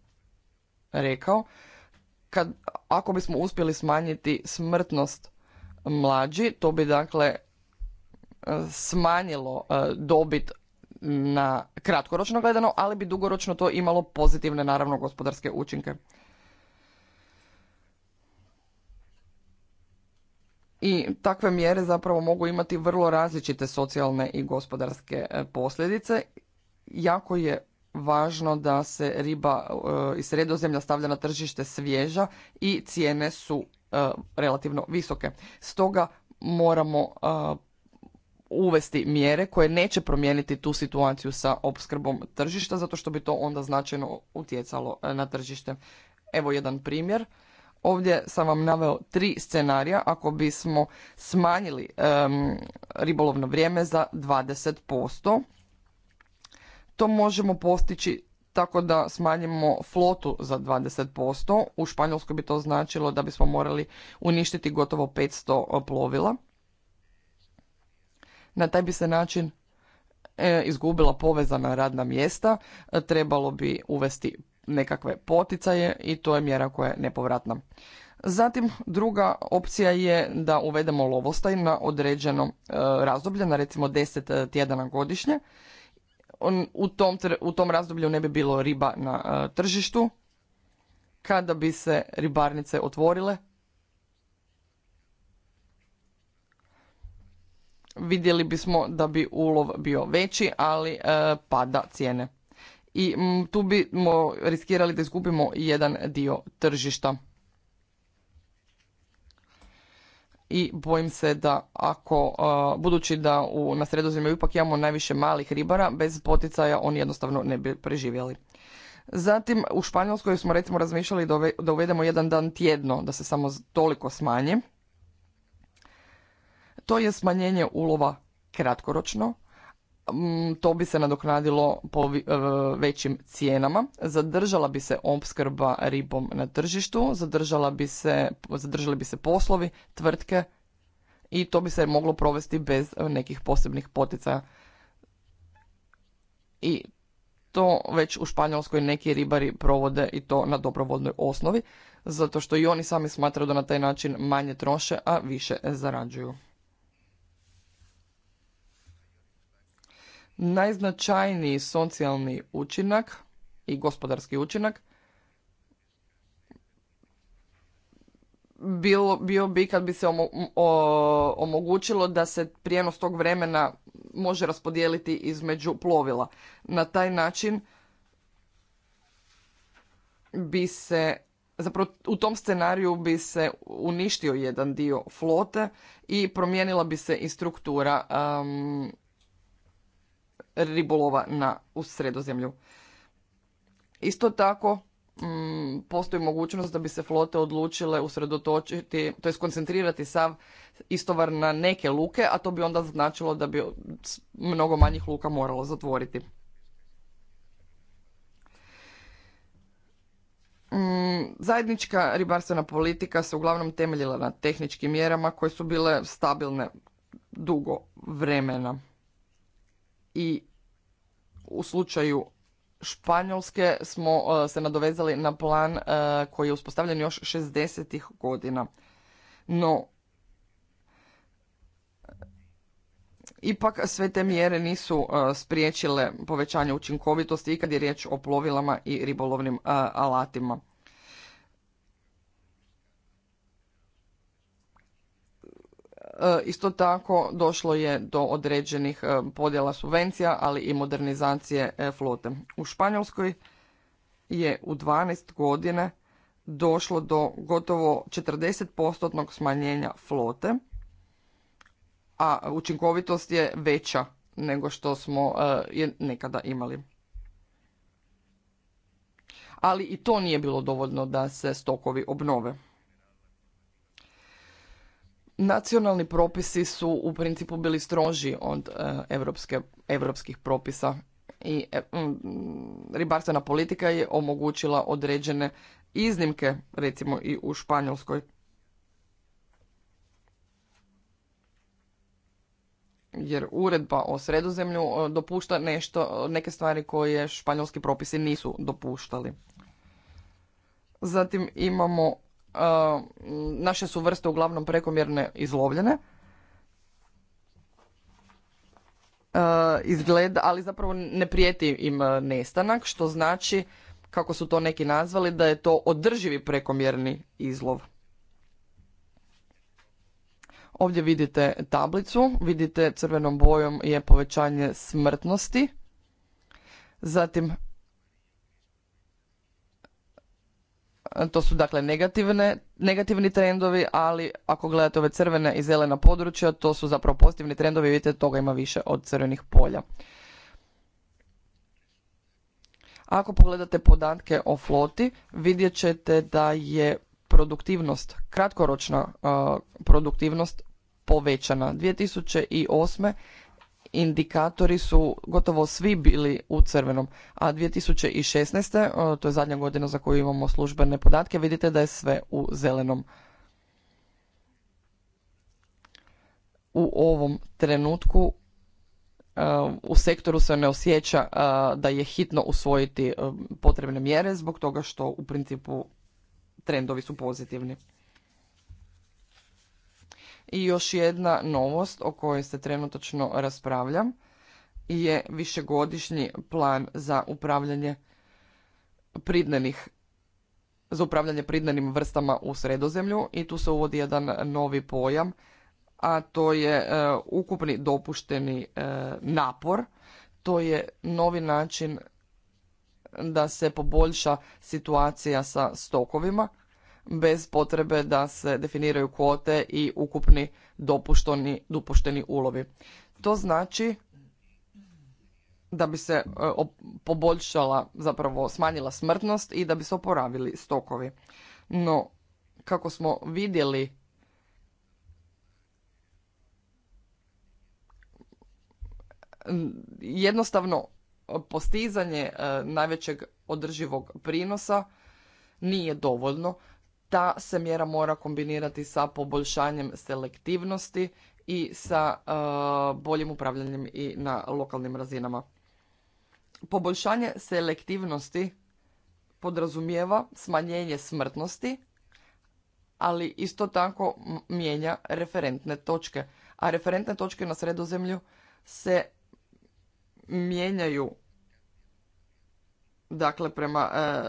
rekao, kad, ako bismo uspjeli smanjiti smrtnost mlađi, to bi dakle e, smanjilo e, dobit na kratkoročno gledano, ali bi dugoročno to imalo pozitivne naravno gospodarske učinke. I takve mjere zapravo mogu imati vrlo različite socijalne i gospodarske e, posljedice jako je važno da se riba e, iz sredozemlja stavlja na tržište svježa i cijene su e, relativno visoke. Stoga moramo e, uvesti mjere koje neće promijeniti tu situaciju sa opskrbom tržišta zato što bi to onda značajno utjecalo na tržište. Evo jedan primjer. Ovdje sam vam naveo tri scenarija ako bismo smanjili ribolovno vrijeme za 20%. To možemo postići tako da smanjimo flotu za 20%. U Španjolskoj bi to značilo da bismo morali uništiti gotovo 500 e, plovila. Na taj bi se način e, izgubila povezana radna mjesta, e, trebalo bi uvesti nekakve poticaje i to je mjera koja je nepovratna. Zatim druga opcija je da uvedemo lovostaj na određeno razdoblje, na recimo 10 tjedana godišnje u tom, u tom razdoblju ne bi bilo riba na e, tržištu kada bi se ribarnice otvorile vidjeli bismo da bi ulov bio veći ali e, pada cijene i tu bismo riskirali da izgubimo jedan dio tržišta i bojim se da ako, budući da u, na sredozemlju ipak imamo najviše malih ribara, bez poticaja oni jednostavno ne bi preživjeli. Zatim u Španjolskoj smo recimo razmišljali da uvedemo jedan dan tjedno, da se samo toliko smanje. To je smanjenje ulova kratkoročno, Mm, to bi se nadoknadilo po e, većim cijenama, zadržala bi se opskrba ribom na tržištu, zadržala bi se, zadržali bi se poslovi, tvrtke i to bi se moglo provesti bez nekih posebnih poticaja. I to već u Španjolskoj neki ribari provode i to na dobrovodnoj osnovi, zato što i oni sami smatraju da na taj način manje troše, a više zarađuju. Najznačajniji socijalni učinak i gospodarski učinak bilo, bio bi kad bi se omogućilo da se prijenos tog vremena može raspodijeliti između plovila. Na taj način bi se zapravo u tom scenariju bi se uništio jedan dio flote i promijenila bi se i struktura ribolova u sredozemlju. Isto tako, mm, postoji mogućnost da bi se flote odlučile usredotočiti, to je koncentrirati sav istovar na neke luke, a to bi onda značilo da bi mnogo manjih luka moralo zatvoriti. Mm, zajednička ribarstvena politika se uglavnom temeljila na tehničkim mjerama koje su bile stabilne dugo vremena. I u slučaju Španjolske smo e, se nadovezali na plan e, koji je uspostavljen još 60-ih godina. No, ipak sve te mjere nisu e, spriječile povećanje učinkovitosti i kad je riječ o plovilama i ribolovnim alatima. E, isto tako došlo je do određenih e, podjela subvencija, ali i modernizacije e, flote. U Španjolskoj je u 12 godine došlo do gotovo 40% smanjenja flote, a učinkovitost je veća nego što smo je nekada imali. Ali i to nije bilo dovoljno da se stokovi obnove. Nacionalni propisi su u principu bili stroži od e, evropske, evropskih propisa i e, ribarstvena politika je omogućila određene iznimke, recimo i u Španjolskoj. Jer uredba o sredozemlju e, dopušta nešto, neke stvari koje španjolski propisi nisu dopuštali. Zatim imamo naše su vrste uglavnom prekomjerne izlovljene. Izgleda, ali zapravo ne prijeti im nestanak, što znači, kako su to neki nazvali, da je to održivi prekomjerni izlov. Ovdje vidite tablicu, vidite crvenom bojom je povećanje smrtnosti, zatim to su dakle negativne, negativni trendovi, ali ako gledate ove crvene i zelena područja, to su zapravo pozitivni trendovi, vidite toga ima više od crvenih polja. Ako pogledate podatke o floti, vidjet ćete da je produktivnost, kratkoročna uh, produktivnost povećana. 2008 indikatori su gotovo svi bili u crvenom, a 2016. E, to je zadnja godina za koju imamo službene podatke, vidite da je sve u zelenom. U ovom trenutku e, u sektoru se ne osjeća e, da je hitno usvojiti potrebne mjere zbog toga što u principu trendovi su pozitivni. I još jedna novost o kojoj se trenutačno raspravljam je višegodišnji plan za upravljanje pridnenih za upravljanje pridnenim vrstama u sredozemlju i tu se uvodi jedan novi pojam, a to je e, ukupni dopušteni e, napor. To je novi način da se poboljša situacija sa stokovima bez potrebe da se definiraju kvote i ukupni dopušteni, dopušteni ulovi. To znači da bi se e, poboljšala, zapravo smanjila smrtnost i da bi se oporavili stokovi. No, kako smo vidjeli jednostavno postizanje e, najvećeg održivog prinosa nije dovoljno ta se mjera mora kombinirati sa poboljšanjem selektivnosti i sa e, boljim upravljanjem i na lokalnim razinama. Poboljšanje selektivnosti podrazumijeva smanjenje smrtnosti, ali isto tako mijenja referentne točke. A referentne točke na sredozemlju se mijenjaju dakle prema e,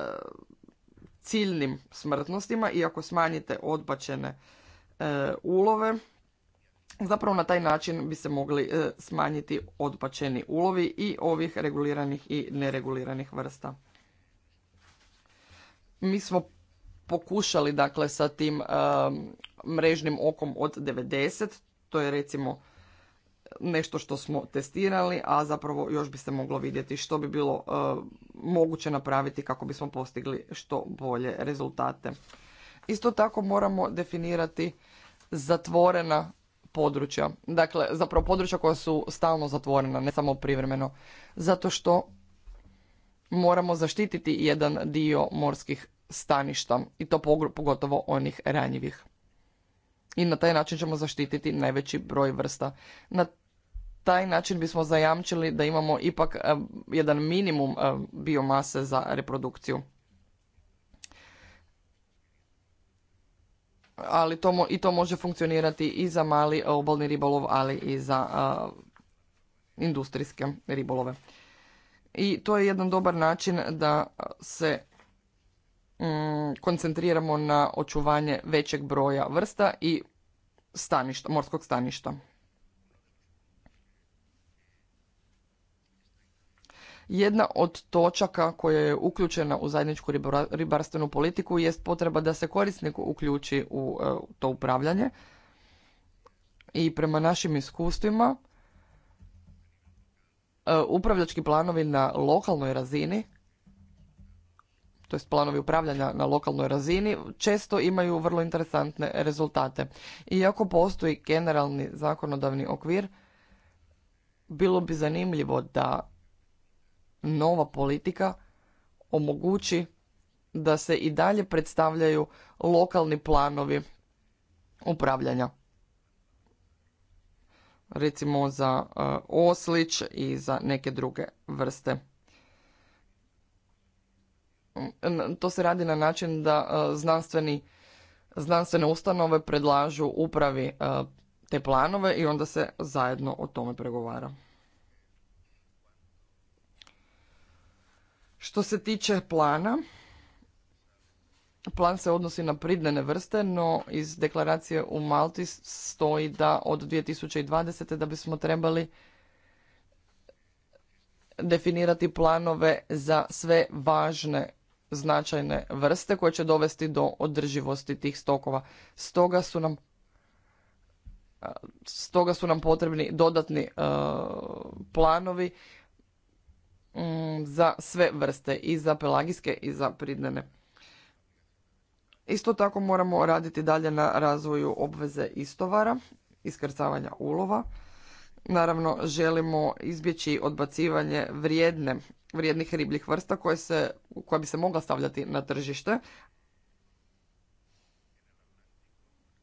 ciljnim smrtnostima i ako smanjite odbačene e, ulove, zapravo na taj način bi se mogli e, smanjiti odbačeni ulovi i ovih reguliranih i nereguliranih vrsta. Mi smo pokušali dakle sa tim e, mrežnim okom od 90, to je recimo nešto što smo testirali, a zapravo još bi se moglo vidjeti što bi bilo e, moguće napraviti kako bismo postigli što bolje rezultate. Isto tako moramo definirati zatvorena područja. Dakle, zapravo područja koja su stalno zatvorena, ne samo privremeno. Zato što moramo zaštititi jedan dio morskih staništa i to pogotovo onih ranjivih. I na taj način ćemo zaštititi najveći broj vrsta. Na taj način bismo zajamčili da imamo ipak e, jedan minimum e, biomase za reprodukciju. ali to, i to može funkcionirati i za mali e, obalni ribolov, ali i za industrijske ribolove. I to je jedan dobar način da se mm, koncentriramo na očuvanje većeg broja vrsta i staništa, morskog staništa. Jedna od točaka koja je uključena u zajedničku ribarstvenu politiku jest potreba da se korisnik uključi u e, to upravljanje. I prema našim iskustvima, e, upravljački planovi na lokalnoj razini, to jest planovi upravljanja na lokalnoj razini, često imaju vrlo interesantne rezultate. Iako postoji generalni zakonodavni okvir, bilo bi zanimljivo da nova politika omogući da se i dalje predstavljaju lokalni planovi upravljanja. Recimo za e, oslić i za neke druge vrste. To se radi na način da e, znanstveni, znanstvene ustanove predlažu upravi e, te planove i onda se zajedno o tome pregovara. Što se tiče plana, plan se odnosi na pridnene vrste, no iz deklaracije u Malti stoji da od 2020. da bismo trebali definirati planove za sve važne značajne vrste koje će dovesti do održivosti tih stokova. Stoga su nam stoga su nam potrebni dodatni e, planovi Mm, za sve vrste, i za pelagijske i za pridnene. Isto tako moramo raditi dalje na razvoju obveze istovara, iskrcavanja ulova. Naravno, želimo izbjeći odbacivanje vrijedne, vrijednih ribljih vrsta koje se, koja bi se mogla stavljati na tržište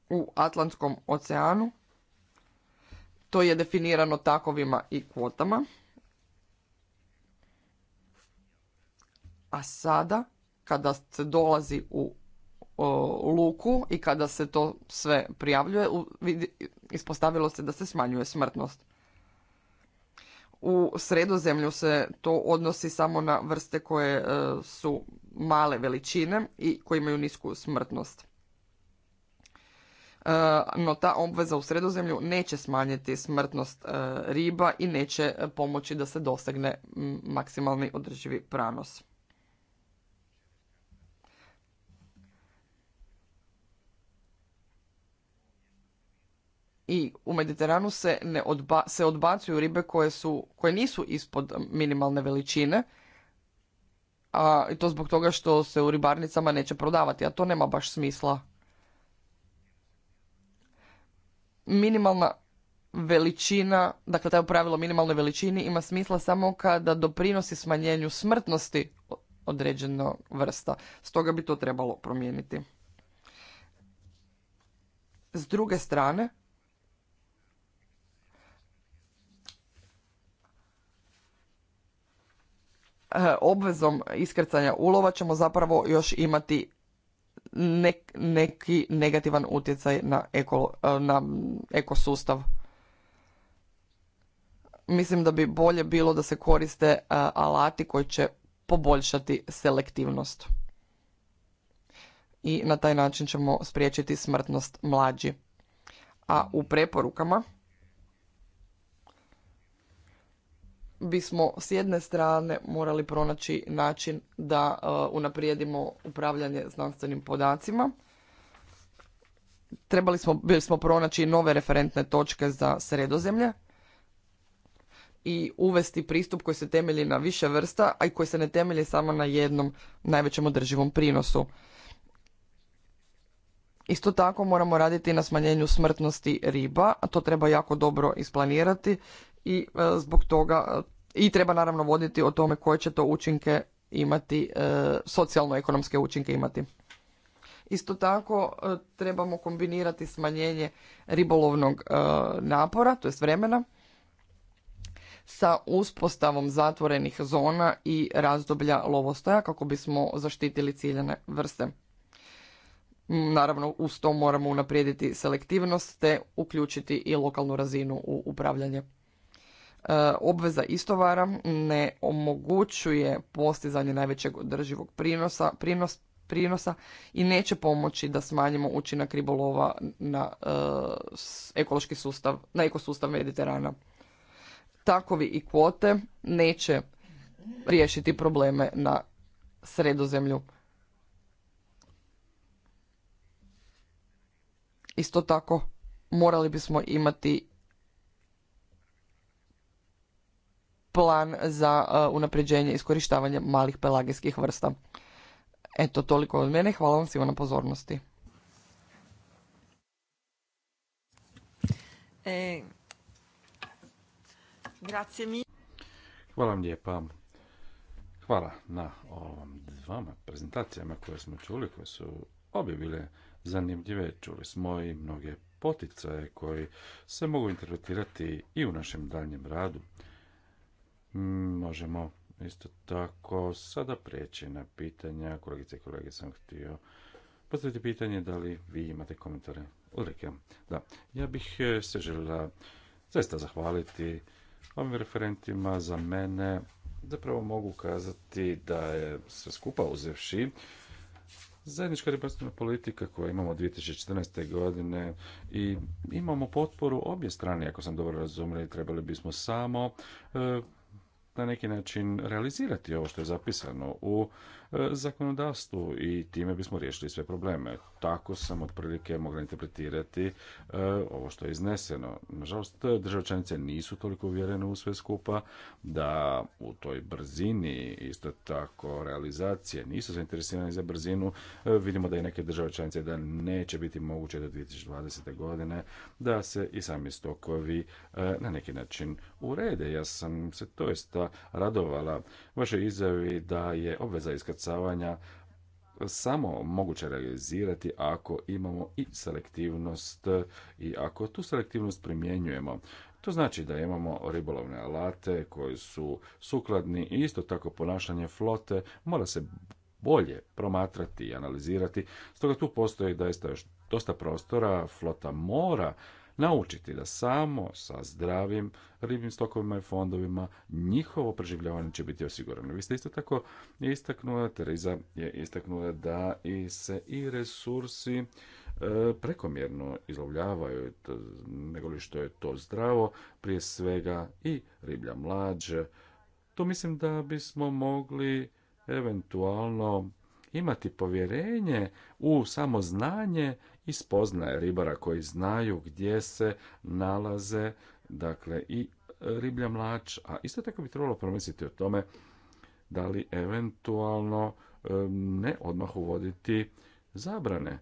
u Atlantskom oceanu. To je definirano takovima i kvotama. A sada, kada se dolazi u luku i kada se to sve prijavljuje, ispostavilo se da se smanjuje smrtnost. U sredozemlju se to odnosi samo na vrste koje e, su male veličine i koje imaju nisku smrtnost. E, no ta obveza u sredozemlju neće smanjiti smrtnost e, riba i neće pomoći da se dosegne maksimalni održivi pranos. i u Mediteranu se, ne odba, se odbacuju ribe koje, su, koje nisu ispod minimalne veličine, a, i to zbog toga što se u ribarnicama neće prodavati, a to nema baš smisla. Minimalna veličina, dakle taj pravilo minimalnoj veličini ima smisla samo kada doprinosi smanjenju smrtnosti određena vrsta. Stoga bi to trebalo promijeniti. S druge strane, E, obvezom iskrcanja ulova ćemo zapravo još imati neki negativan utjecaj na, eko, e, na ekosustav. Mislim da bi bolje bilo da se koriste e, alati koji će poboljšati selektivnost. I na taj način ćemo spriječiti smrtnost mlađi. A u preporukama bismo s jedne strane morali pronaći način da e, unaprijedimo upravljanje znanstvenim podacima. Trebali smo, smo pronaći nove referentne točke za sredozemlje i uvesti pristup koji se temelji na više vrsta, a i koji se ne temelji samo na jednom najvećem održivom prinosu. Isto tako moramo raditi na smanjenju smrtnosti riba, a to treba jako dobro isplanirati i e, zbog toga e, i treba naravno voditi o tome koje će to učinke imati, e, socijalno-ekonomske učinke imati. Isto tako trebamo kombinirati smanjenje ribolovnog napora, to jest vremena, sa uspostavom zatvorenih zona i razdoblja lovostaja kako bismo zaštitili ciljene vrste. Naravno, uz to moramo unaprijediti selektivnost te uključiti i lokalnu razinu u upravljanje. E, obveza istovara ne omogućuje postizanje najvećeg održivog prinosa, prinosa i neće pomoći da smanjimo učinak ribolova na e, ekološki sustav, na ekosustav Mediterana. Takovi i kvote neće riješiti probleme na sredozemlju. Isto tako morali bismo imati plan za uh, unapređenje iskorištavanja malih pelagijskih vrsta. Eto, toliko od mene. Hvala vam svima na pozornosti. E, Hvala vam lijepa. Hvala na ovom dvama prezentacijama koje smo čuli, koje su obje bile zanimljive. Čuli smo i mnoge poticaje koji se mogu interpretirati i u našem daljem radu možemo isto tako sada prijeći na pitanja. Kolegice i kolege, sam htio postaviti pitanje da li vi imate komentare. Ulrike, da, ja bih e, se željela zaista zahvaliti ovim referentima za mene. Zapravo mogu kazati da je sve skupa uzevši zajednička ribarstvena politika koju imamo 2014. godine i imamo potporu obje strane, ako sam dobro razumio, trebali bismo samo e, na neki način realizirati ovo što je zapisano u E, zakonodavstvu i time bismo riješili sve probleme. Tako sam otprilike mogla interpretirati e, ovo što je izneseno. Nažalost, države članice nisu toliko uvjerene u sve skupa da u toj brzini isto tako realizacije nisu zainteresirani za brzinu. E, vidimo da i neke države članice da neće biti moguće do 2020. godine da se i sami stokovi na neki način urede. Ja sam se toista radovala vašoj izjavi da je obveza iskaz ukrcavanja samo moguće realizirati ako imamo i selektivnost i ako tu selektivnost primjenjujemo. To znači da imamo ribolovne alate koji su sukladni i isto tako ponašanje flote mora se bolje promatrati i analizirati. Stoga tu postoji daista dosta prostora, flota mora naučiti da samo sa zdravim ribnim stokovima i fondovima njihovo preživljavanje će biti osigurano. Vi ste isto tako istaknula, Teriza je istaknula da i se i resursi e, prekomjerno izlovljavaju, nego li što je to zdravo, prije svega i riblja mlađe. To mislim da bismo mogli eventualno imati povjerenje u samo znanje i spoznaje ribara koji znaju gdje se nalaze, dakle i riblja mlač, a isto tako bi trebalo promisliti o tome da li eventualno ne odmah uvoditi zabrane.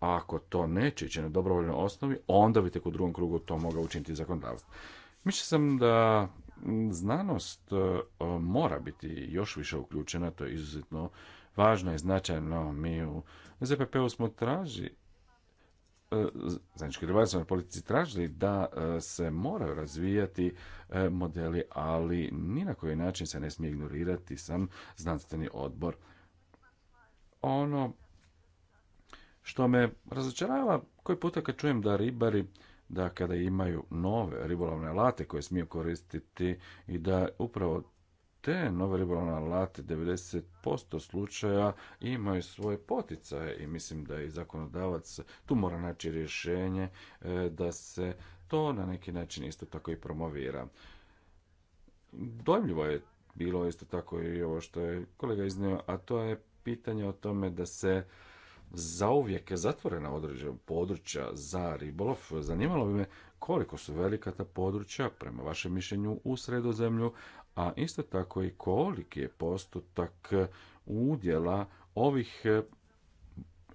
ako to neće ići na dobrovoljnoj osnovi, onda bi tek u drugom krugu to mogao učiniti zakonodavstvo. Mišljam sam da znanost e, mora biti još više uključena, to je izuzetno važno i značajno. Mi u ZPP-u smo traži, E, zajedničkoj na politici tražili da e, se moraju razvijati e, modeli, ali ni na koji način se ne smije ignorirati sam znanstveni odbor. Ono što me razočarava koji puta kad čujem da ribari da kada imaju nove ribolovne alate koje smiju koristiti i da upravo te nove ribolovne alate 90% slučaja imaju svoje poticaje i mislim da i zakonodavac tu mora naći rješenje e, da se to na neki način isto tako i promovira. Dojmljivo je bilo isto tako i ovo što je kolega iznio, a to je pitanje o tome da se zauvijek je zatvorena određena područja za ribolov. Zanimalo bi me koliko su velika ta područja, prema vašem mišljenju, u sredozemlju, a isto tako i koliki je postotak udjela ovih e,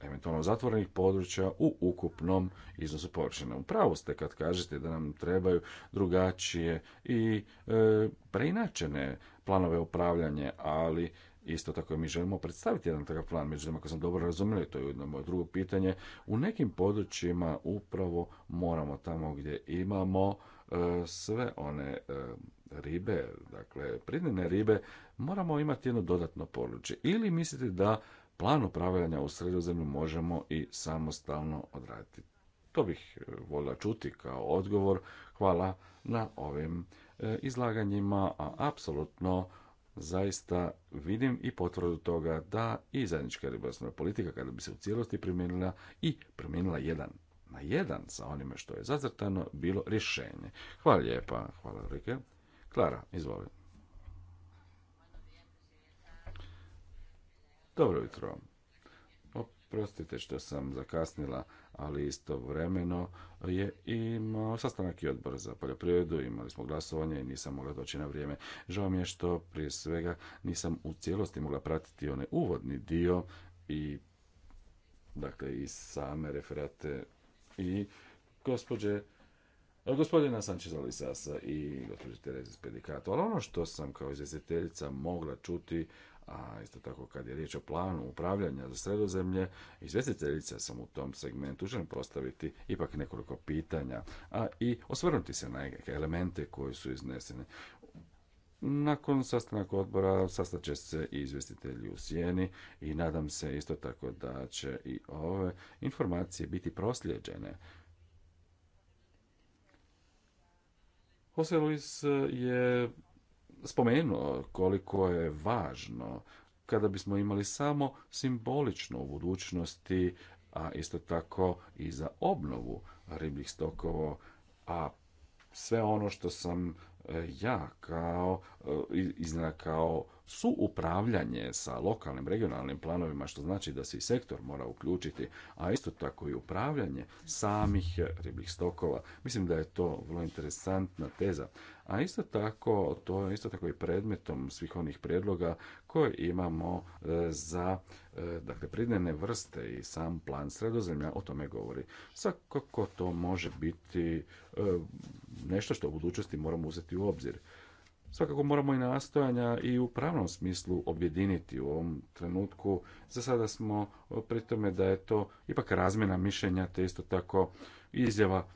eventualno zatvorenih područja u ukupnom iznosu površina. U pravu ste kad kažete da nam trebaju drugačije i e, preinačene planove upravljanja, ali isto tako mi želimo predstaviti jedan takav plan. Međutim, ako sam dobro razumio, to je jedno moje drugo pitanje, u nekim područjima upravo moramo tamo gdje imamo e, sve one e, ribe, dakle pridnene ribe, moramo imati jedno dodatno područje. Ili mislite da plan upravljanja u sredozemlju možemo i samostalno odraditi. To bih e, volila čuti kao odgovor. Hvala na ovim e, izlaganjima, a apsolutno zaista vidim i potvrdu toga da i zajednička ribarstvena politika kada bi se u cijelosti primijenila i promijenila jedan na jedan sa onime što je zacrtano bilo rješenje. Hvala lijepa. Hvala Rike. Klara, izvolite. Dobro jutro. Oprostite što sam zakasnila, ali istovremeno je imao sastanak i odbor za poljoprivredu, imali smo glasovanje i nisam mogla doći na vrijeme. Žao mi je što prije svega nisam u cijelosti mogla pratiti onaj uvodni dio i dakle i same referate i gospođe gospodina Sančeza Lisasa i gospođe Tereze Spedikato. Ali ono što sam kao izvjestiteljica mogla čuti, a isto tako kad je riječ o planu upravljanja za sredozemlje, izvjestiteljica sam u tom segmentu, želim postaviti ipak nekoliko pitanja, a i osvrnuti se na neke elemente koji su iznesene. Nakon sastanaka odbora sastat će se i izvjestitelji u Sjeni i nadam se isto tako da će i ove informacije biti prosljeđene Jose je spomenuo koliko je važno kada bismo imali samo simbolično u budućnosti, a isto tako i za obnovu ribljih stokova, a sve ono što sam e, ja kao e, iznakao su upravljanje sa lokalnim regionalnim planovima, što znači da se i sektor mora uključiti, a isto tako i upravljanje samih ribih stokova. Mislim da je to vrlo interesantna teza. A isto tako, to je isto tako i predmetom svih onih prijedloga koje imamo e, za e, dakle, pridnene vrste i sam plan sredozemlja o tome govori. Svakako to može biti e, nešto što u budućnosti moramo uzeti u obzir. Svakako moramo i nastojanja i u pravnom smislu objediniti u ovom trenutku. Za sada smo pri tome da je to ipak razmjena mišljenja, te isto tako izjava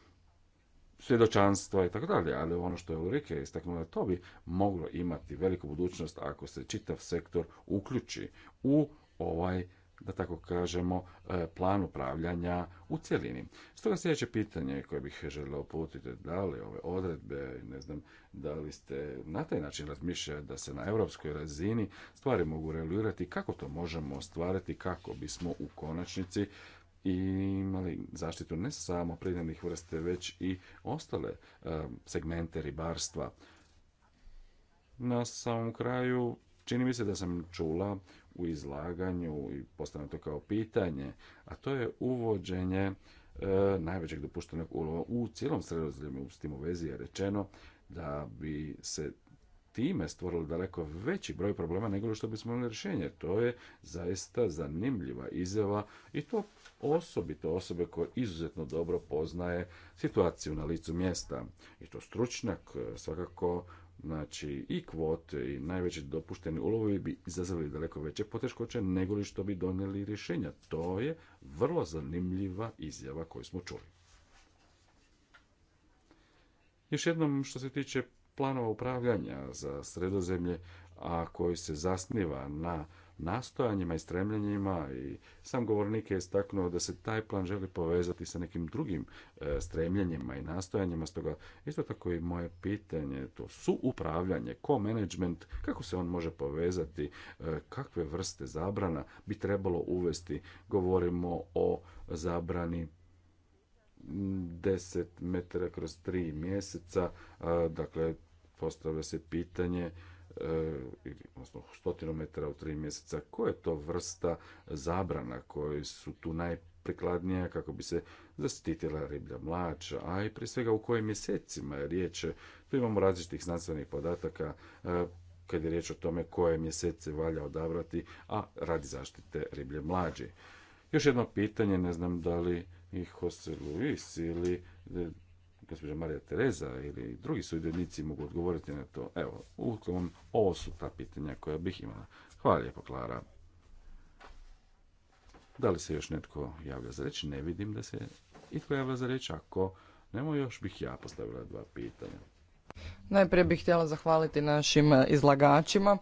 svjedočanstva i tako dalje, ali ono što je Ulrike istaknula, to bi moglo imati veliku budućnost ako se čitav sektor uključi u ovaj da tako kažemo, e, plan upravljanja u cjelini. Stoga sljedeće pitanje koje bih želio uputiti, da li ove odredbe, ne znam, da li ste na taj način razmišljali da se na europskoj razini stvari mogu regulirati, kako to možemo ostvariti, kako bismo u konačnici i imali zaštitu ne samo pridavnih vrste, već i ostale e, segmente ribarstva. Na samom kraju Čini mi se da sam čula u izlaganju i postavljam to kao pitanje, a to je uvođenje e, najvećeg dopuštenog ulova u cijelom sredozemlju. S tim u vezi je rečeno da bi se time stvorilo daleko veći broj problema nego što bismo imali rješenje. To je zaista zanimljiva izjava i to osobito osobe koja izuzetno dobro poznaje situaciju na licu mjesta. I to stručnjak e, svakako Znači i kvote i najveći dopušteni ulovovi bi izazvali daleko veće poteškoće nego li što bi donijeli rješenja. To je vrlo zanimljiva izjava koju smo čuli. Još jednom što se tiče planova upravljanja za sredozemlje, a koji se zasniva na nastojanjima i stremljenjima i sam govornik je istaknuo da se taj plan želi povezati sa nekim drugim e, stremljenjima i nastojanjima. Stoga isto tako i moje pitanje, to su upravljanje, ko management kako se on može povezati, e, kakve vrste zabrana bi trebalo uvesti. Govorimo o zabrani 10 metara kroz 3 mjeseca, dakle postavlja se pitanje E, odnosno stotinu metara u tri mjeseca, koja je to vrsta zabrana koje su tu najprikladnije kako bi se zaštitila riblja mlađa, a i prije svega u kojim mjesecima je riječ. Tu imamo različitih znanstvenih podataka e, kad je riječ o tome koje mjesece valja odabrati, a radi zaštite riblje mlađe. Još jedno pitanje, ne znam da li ih Jose Luis ili gospođa Marija Tereza ili drugi sudionici mogu odgovoriti na to. Evo, uglavnom, ovo su ta pitanja koja bih imala. Hvala lijepo, Klara. Da li se još netko javlja za reći? Ne vidim da se itko javlja za reći. Ako nemo, još bih ja postavila dva pitanja. Najprije bih htjela zahvaliti našim izlagačima.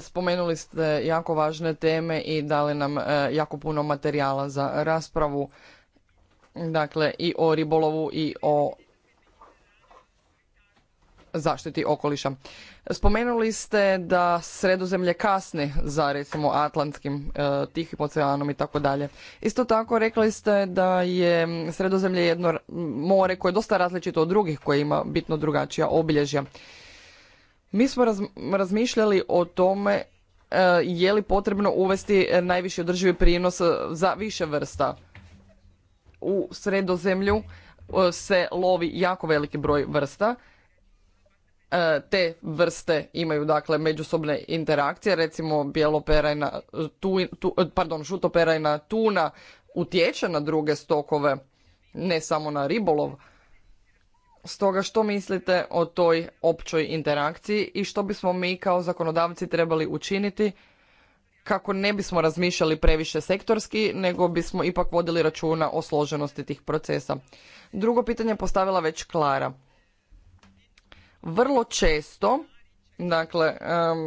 Spomenuli ste jako važne teme i dali nam e, jako puno materijala za raspravu dakle i o ribolovu i o zaštiti okoliša. Spomenuli ste da sredozemlje kasne za recimo Atlantskim e, tihim oceanom i tako dalje. Isto tako rekli ste da je sredozemlje jedno more koje je dosta različito od drugih koje ima bitno drugačija obilježja. Mi smo razmišljali o tome e, je li potrebno uvesti najviši održivi prinos za više vrsta u sredozemlju e, se lovi jako veliki broj vrsta. E, te vrste imaju dakle međusobne interakcije, recimo bijeloperajna tu, e, pardon, žutoperajna tuna utječe na druge stokove, ne samo na ribolov. Stoga što mislite o toj općoj interakciji i što bismo mi kao zakonodavci trebali učiniti kako ne bismo razmišljali previše sektorski, nego bismo ipak vodili računa o složenosti tih procesa. Drugo pitanje postavila već Klara. Vrlo često dakle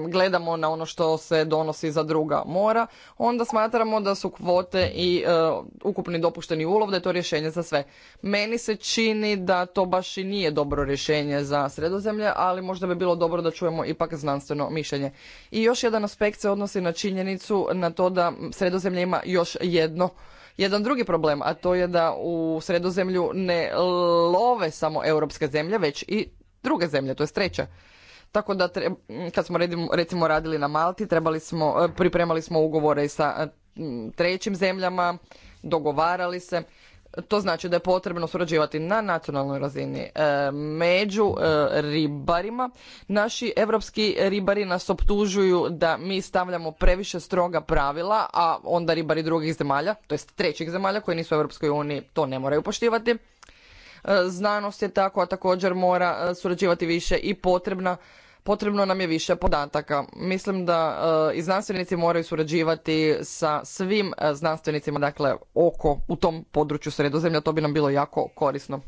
gledamo na ono što se donosi za druga mora, onda smatramo da su kvote i e, ukupni dopušteni ulov, da je to rješenje za sve. Meni se čini da to baš i nije dobro rješenje za sredozemlje, ali možda bi bilo dobro da čujemo ipak znanstveno mišljenje. I još jedan aspekt se odnosi na činjenicu na to da sredozemlje ima još jedno jedan drugi problem, a to je da u sredozemlju ne love samo europske zemlje, već i druge zemlje, to je treća. Tako da kad smo recimo radili na Malti, trebali smo, e, pripremali smo ugovore i sa e, trećim zemljama, dogovarali se. To znači da je potrebno surađivati na nacionalnoj razini e, među ribarima. Naši evropski ribari nas optužuju da mi stavljamo previše stroga pravila, a onda ribari drugih zemalja, to jest trećih zemalja koji nisu u Europskoj uniji, to ne moraju poštivati. Znanost je tako, a također mora surađivati više i potrebna potrebno nam je više podataka. Mislim da e, i znanstvenici moraju surađivati sa svim e, znanstvenicima, dakle oko u tom području sredozemlja, to bi nam bilo jako korisno.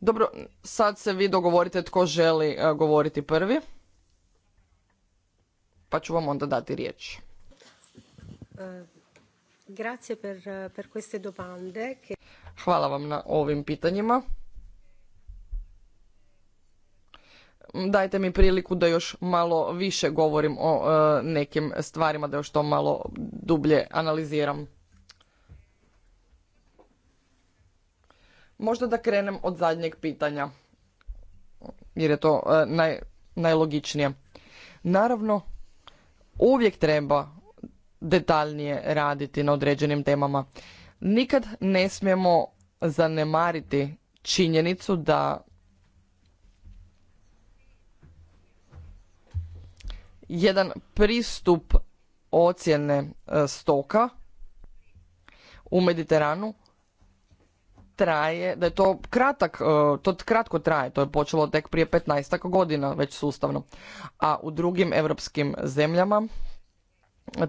Dobro, sad se vi dogovorite tko želi e, govoriti prvi. Pa ću vam onda dati riječ. Hvala vam na ovim pitanjima. dajte mi priliku da još malo više govorim o e, nekim stvarima, da još to malo dublje analiziram. Možda da krenem od zadnjeg pitanja, jer je to e, naj, najlogičnije. Naravno, uvijek treba detaljnije raditi na određenim temama. Nikad ne smijemo zanemariti činjenicu da jedan pristup ocjene e, stoka u Mediteranu traje, da je to kratak, e, to kratko traje, to je počelo tek prije 15 godina već sustavno. A u drugim europskim zemljama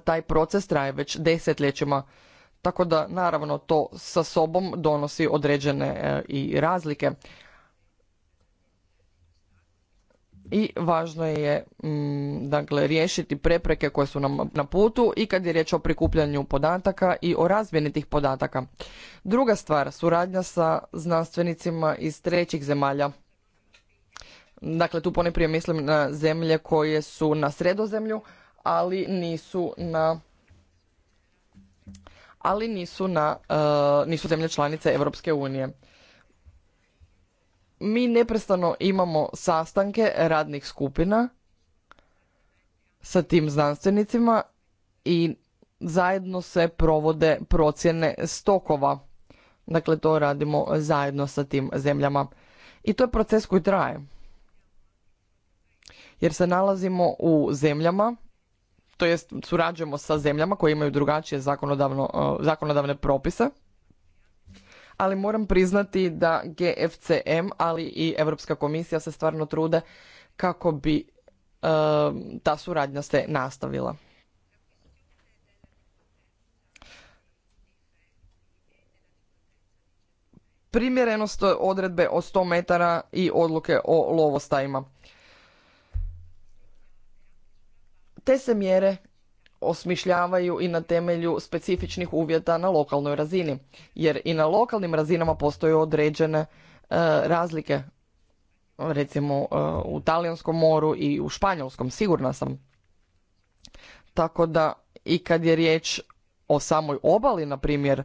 taj proces traje već desetljećima. Tako da naravno to sa sobom donosi određene e, i razlike i važno je mm, dakle riješiti prepreke koje su nam na putu i kad je riječ o prikupljanju podataka i o razmjeni tih podataka. Druga stvar, suradnja sa znanstvenicima iz trećih zemalja. Dakle, tu poneprije mislim na zemlje koje su na sredozemlju, ali nisu na ali nisu e, nisu zemlje članice Europske unije mi neprestano imamo sastanke radnih skupina sa tim znanstvenicima i zajedno se provode procjene stokova. Dakle, to radimo zajedno sa tim zemljama. I to je proces koji traje. Jer se nalazimo u zemljama, to jest surađujemo sa zemljama koje imaju drugačije zakonodavne propise ali moram priznati da GFCM, ali i Europska komisija se stvarno trude kako bi ta suradnja se nastavila. Primjerenost odredbe od 100 metara i odluke o lovostajima. Te se mjere osmišljavaju i na temelju specifičnih uvjeta na lokalnoj razini jer i na lokalnim razinama postoje određene e, razlike recimo e, u talijanskom moru i u španjolskom sigurna sam tako da i kad je riječ o samoj obali na primjer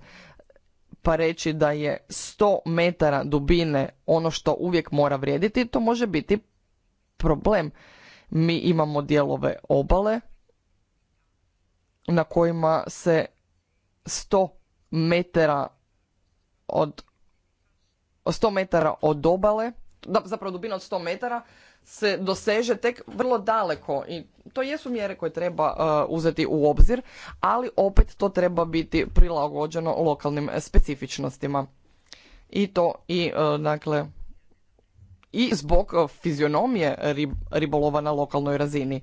pa reći da je 100 metara dubine ono što uvijek mora vrijediti to može biti problem mi imamo dijelove obale na kojima se 100 metara od 100 metara od obale, zapravo dubina od 100 metara, se doseže tek vrlo daleko i to jesu mjere koje treba e, uzeti u obzir, ali opet to treba biti prilagođeno lokalnim specifičnostima. I to i e, dakle i zbog e, fizionomije ribolova na lokalnoj razini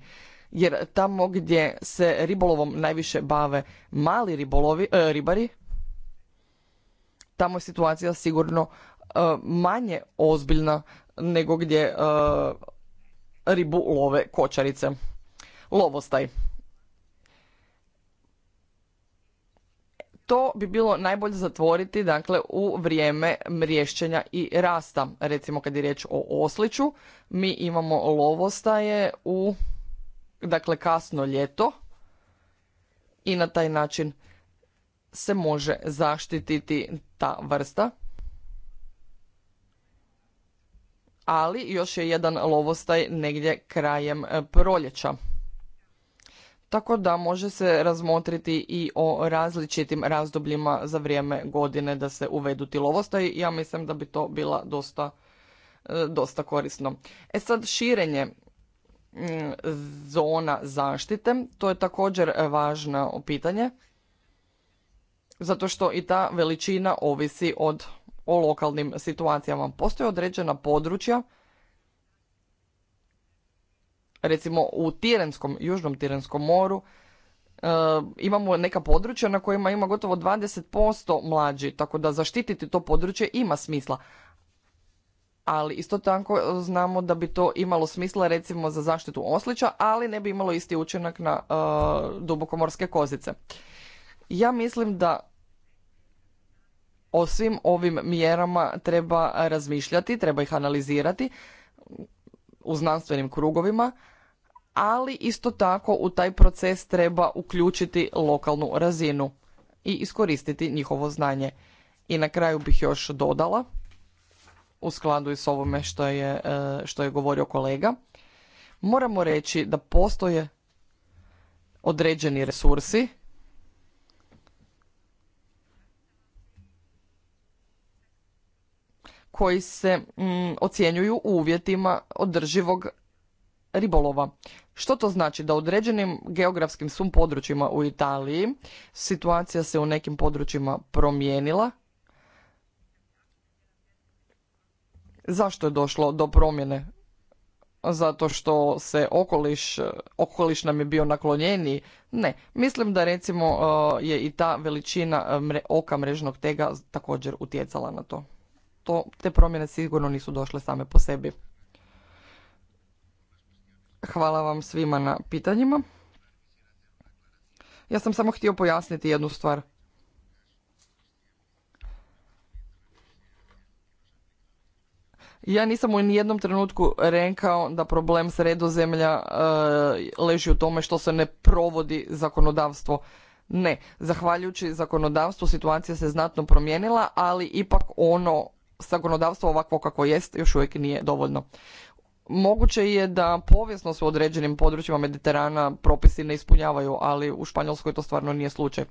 jer tamo gdje se ribolovom najviše bave mali ribolovi, e, ribari, tamo je situacija sigurno e, manje ozbiljna nego gdje e, ribu love kočarice. Lovostaj. To bi bilo najbolje zatvoriti dakle, u vrijeme mriješćenja i rasta. Recimo kad je riječ o osliću, mi imamo lovostaje u dakle kasno ljeto i na taj način se može zaštititi ta vrsta. Ali još je jedan lovostaj negdje krajem e, proljeća. Tako da može se razmotriti i o različitim razdobljima za vrijeme godine da se uvedu ti lovostaji. Ja mislim da bi to bila dosta, e, dosta korisno. E sad širenje zona zaštite, to je također e, važno pitanje, zato što i ta veličina ovisi od, o lokalnim situacijama. Postoje određena područja, recimo u Tirenskom, Južnom Tirenskom moru, e, imamo neka područja na kojima ima gotovo 20% mlađi, tako da zaštititi to područje ima smisla ali isto tako e, znamo da bi to imalo smisla recimo za zaštitu oslića, ali ne bi imalo isti učinak na e, dubokomorske kozice. Ja mislim da o svim ovim mjerama treba razmišljati, treba ih analizirati u znanstvenim krugovima, ali isto tako u taj proces treba uključiti lokalnu razinu i iskoristiti njihovo znanje. I na kraju bih još dodala u skladu i s ovome što je, e, što je govorio kolega. Moramo reći da postoje određeni resursi koji se mm, ocjenjuju u uvjetima održivog ribolova. Što to znači? Da u određenim geografskim sum područjima u Italiji situacija se u nekim područjima promijenila Zašto je došlo do promjene? Zato što se okoliš, okoliš nam je bio naklonjeniji? Ne. Mislim da recimo uh, je i ta veličina uh, oka mrežnog tega također utjecala na to. to te promjene sigurno nisu došle same po sebi. Hvala vam svima na pitanjima. Ja sam samo htio pojasniti jednu stvar. Ja nisam u nijednom trenutku rekao da problem sredozemlja e, leži u tome što se ne provodi zakonodavstvo. Ne, zahvaljujući zakonodavstvu situacija se znatno promijenila, ali ipak ono zakonodavstvo ovakvo kako jest još uvijek nije dovoljno. Moguće je da povijesno su u određenim područjima Mediterana propisi ne ispunjavaju, ali u Španjolskoj to stvarno nije slučaj.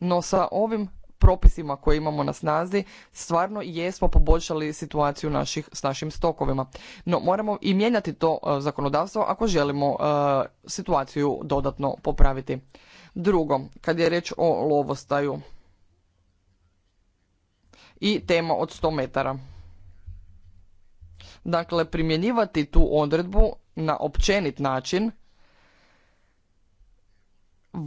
No sa ovim propisima koje imamo na snazi stvarno jesmo poboljšali situaciju naših, s našim stokovima. No moramo i mijenjati to e, zakonodavstvo ako želimo e, situaciju dodatno popraviti. Drugo, kad je riječ o lovostaju i tema od 100 metara. Dakle, primjenjivati tu odredbu na općenit način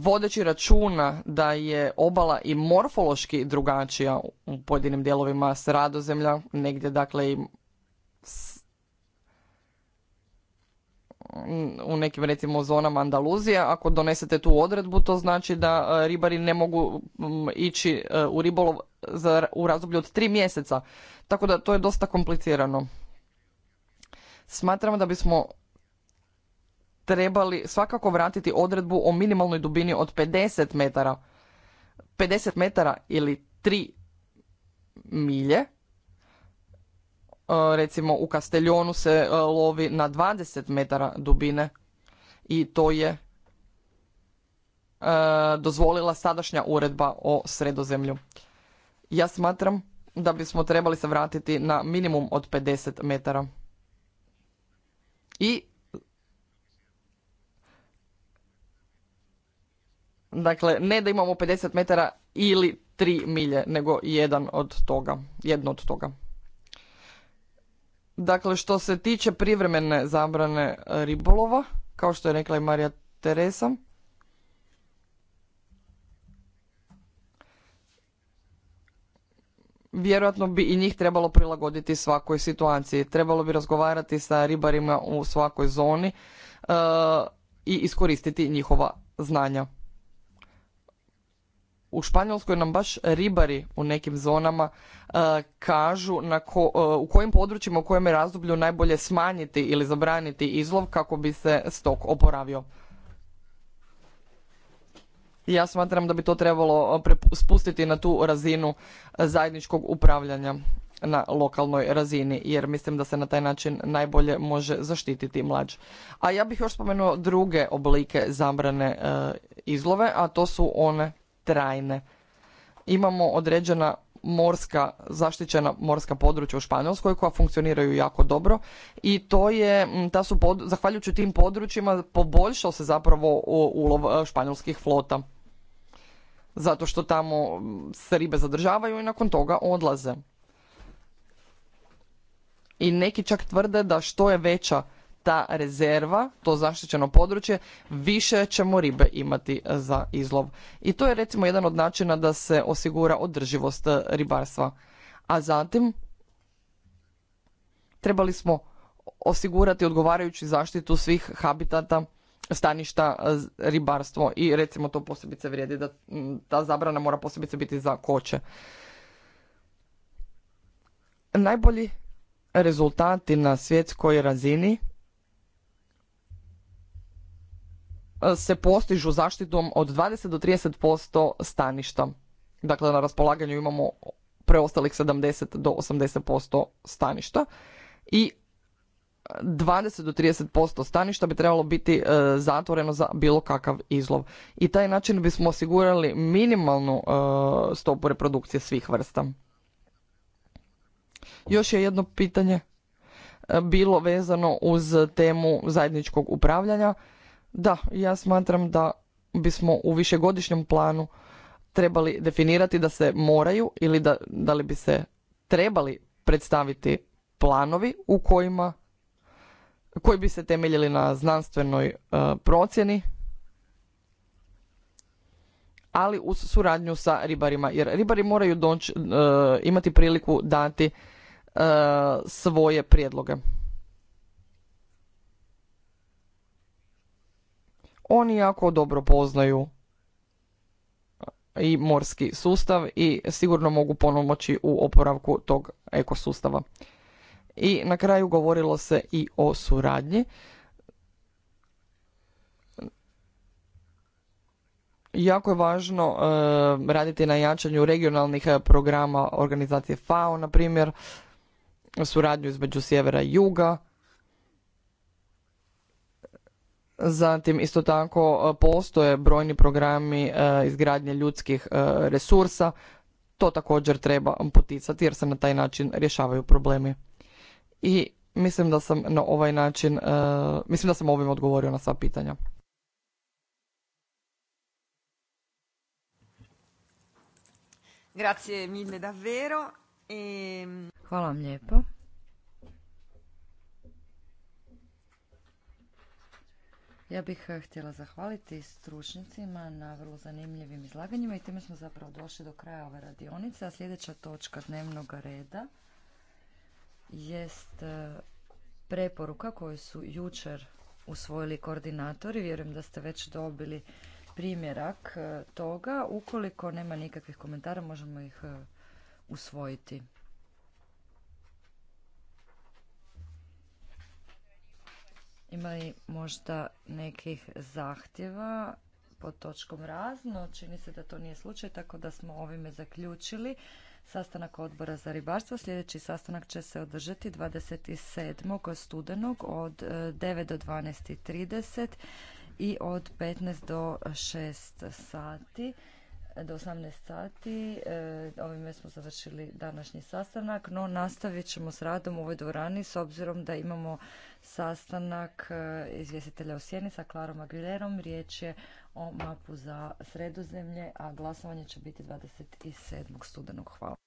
vodeći računa da je obala i morfološki drugačija u pojedinim dijelovima radozemlja negdje dakle i u nekim recimo zonama Andaluzija, ako donesete tu odredbu, to znači da e, ribari ne mogu ići e, u ribolov za, u razdoblju od tri mjeseca. Tako da to je dosta komplicirano. Smatramo da bismo trebali svakako vratiti odredbu o minimalnoj dubini od 50 metara. 50 metara ili 3 milje. E, recimo u Kasteljonu se e, lovi na 20 metara dubine i to je e, dozvolila sadašnja uredba o sredozemlju. Ja smatram da bismo trebali se vratiti na minimum od 50 metara. I Dakle, ne da imamo 50 metara ili 3 milje, nego jedan od toga, jedno od toga. Dakle, što se tiče privremene zabrane e, ribolova, kao što je rekla i Marija Teresa, vjerojatno bi i njih trebalo prilagoditi svakoj situaciji. Trebalo bi razgovarati sa ribarima u svakoj zoni e, i iskoristiti njihova znanja u Španjolskoj nam baš ribari u nekim zonama e, kažu na e, u kojim područjima u kojem je razdoblju najbolje smanjiti ili zabraniti izlov kako bi se stok oporavio. Ja smatram da bi to trebalo e, spustiti na tu razinu zajedničkog upravljanja na lokalnoj razini, jer mislim da se na taj način najbolje može zaštititi mlađ. A ja bih još spomenuo druge oblike zabrane izlove, a to su one trajne. Imamo određena morska, zaštićena morska područja u Španjolskoj koja funkcioniraju jako dobro i to je, ta su zahvaljujući tim područjima poboljšao se zapravo ulov e, španjolskih flota. Zato što tamo se ribe zadržavaju i nakon toga odlaze. I neki čak tvrde da što je veća ta rezerva, to zaštićeno područje, više ćemo ribe imati za izlov. I to je recimo jedan od načina da se osigura održivost ribarstva. A zatim trebali smo osigurati odgovarajuću zaštitu svih habitata, staništa, ribarstvo i recimo to posebice vrijedi da ta zabrana mora posebice biti za koće. Najbolji rezultati na svjetskoj razini se postižu zaštitom od 20 do 30% staništa. Dakle, na raspolaganju imamo preostalih 70 do 80% staništa i 20 do 30% staništa bi trebalo biti e, zatvoreno za bilo kakav izlov. I taj način bismo osigurali minimalnu e, stopu reprodukcije svih vrsta. Još je jedno pitanje e, bilo vezano uz temu zajedničkog upravljanja da, ja smatram da bismo u višegodišnjem planu trebali definirati da se moraju ili da, da li bi se trebali predstaviti planovi u kojima koji bi se temeljili na znanstvenoj e, procjeni ali uz suradnju sa ribarima jer ribari moraju doći e, imati priliku dati e, svoje prijedloge Oni jako dobro poznaju i morski sustav i sigurno mogu pomoći u oporavku tog ekosustava. I na kraju govorilo se i o suradnji. Jako je važno e, raditi na jačanju regionalnih e, programa organizacije FAO, na primjer, suradnju između sjevera i juga, Zatim isto tako e, postoje brojni programi e, izgradnje ljudskih e, resursa. To također treba poticati jer se na taj način rješavaju problemi. I mislim da sam na ovaj način, mislim da sam ovim odgovorio na sva pitanja. Grazie mille davvero. E... Hvala vam lijepo. Ja bih eh, htjela zahvaliti stručnicima na vrlo zanimljivim izlaganjima i time smo zapravo došli do kraja ove radionice, a sljedeća točka dnevnog reda jest eh, preporuka koju su jučer usvojili koordinatori. Vjerujem da ste već dobili primjerak eh, toga. Ukoliko nema nikakvih komentara možemo ih usvojiti. Ima imali možda nekih zahtjeva pod točkom razno. Čini se da to nije slučaj, tako da smo ovime zaključili sastanak odbora za ribarstvo. Sljedeći sastanak će se održati 27. studenog od 9 e, do 12.30 i od 15 do 6 sati do 18 sati. E, ovime smo završili današnji sastanak, no nastavit ćemo s radom u ovoj dvorani s obzirom da imamo sastanak e, izvjestitelja Osijeni sa Klarom Aguilerom. Riječ je o mapu za sredozemlje, a glasovanje će biti 27. studenog. Hvala.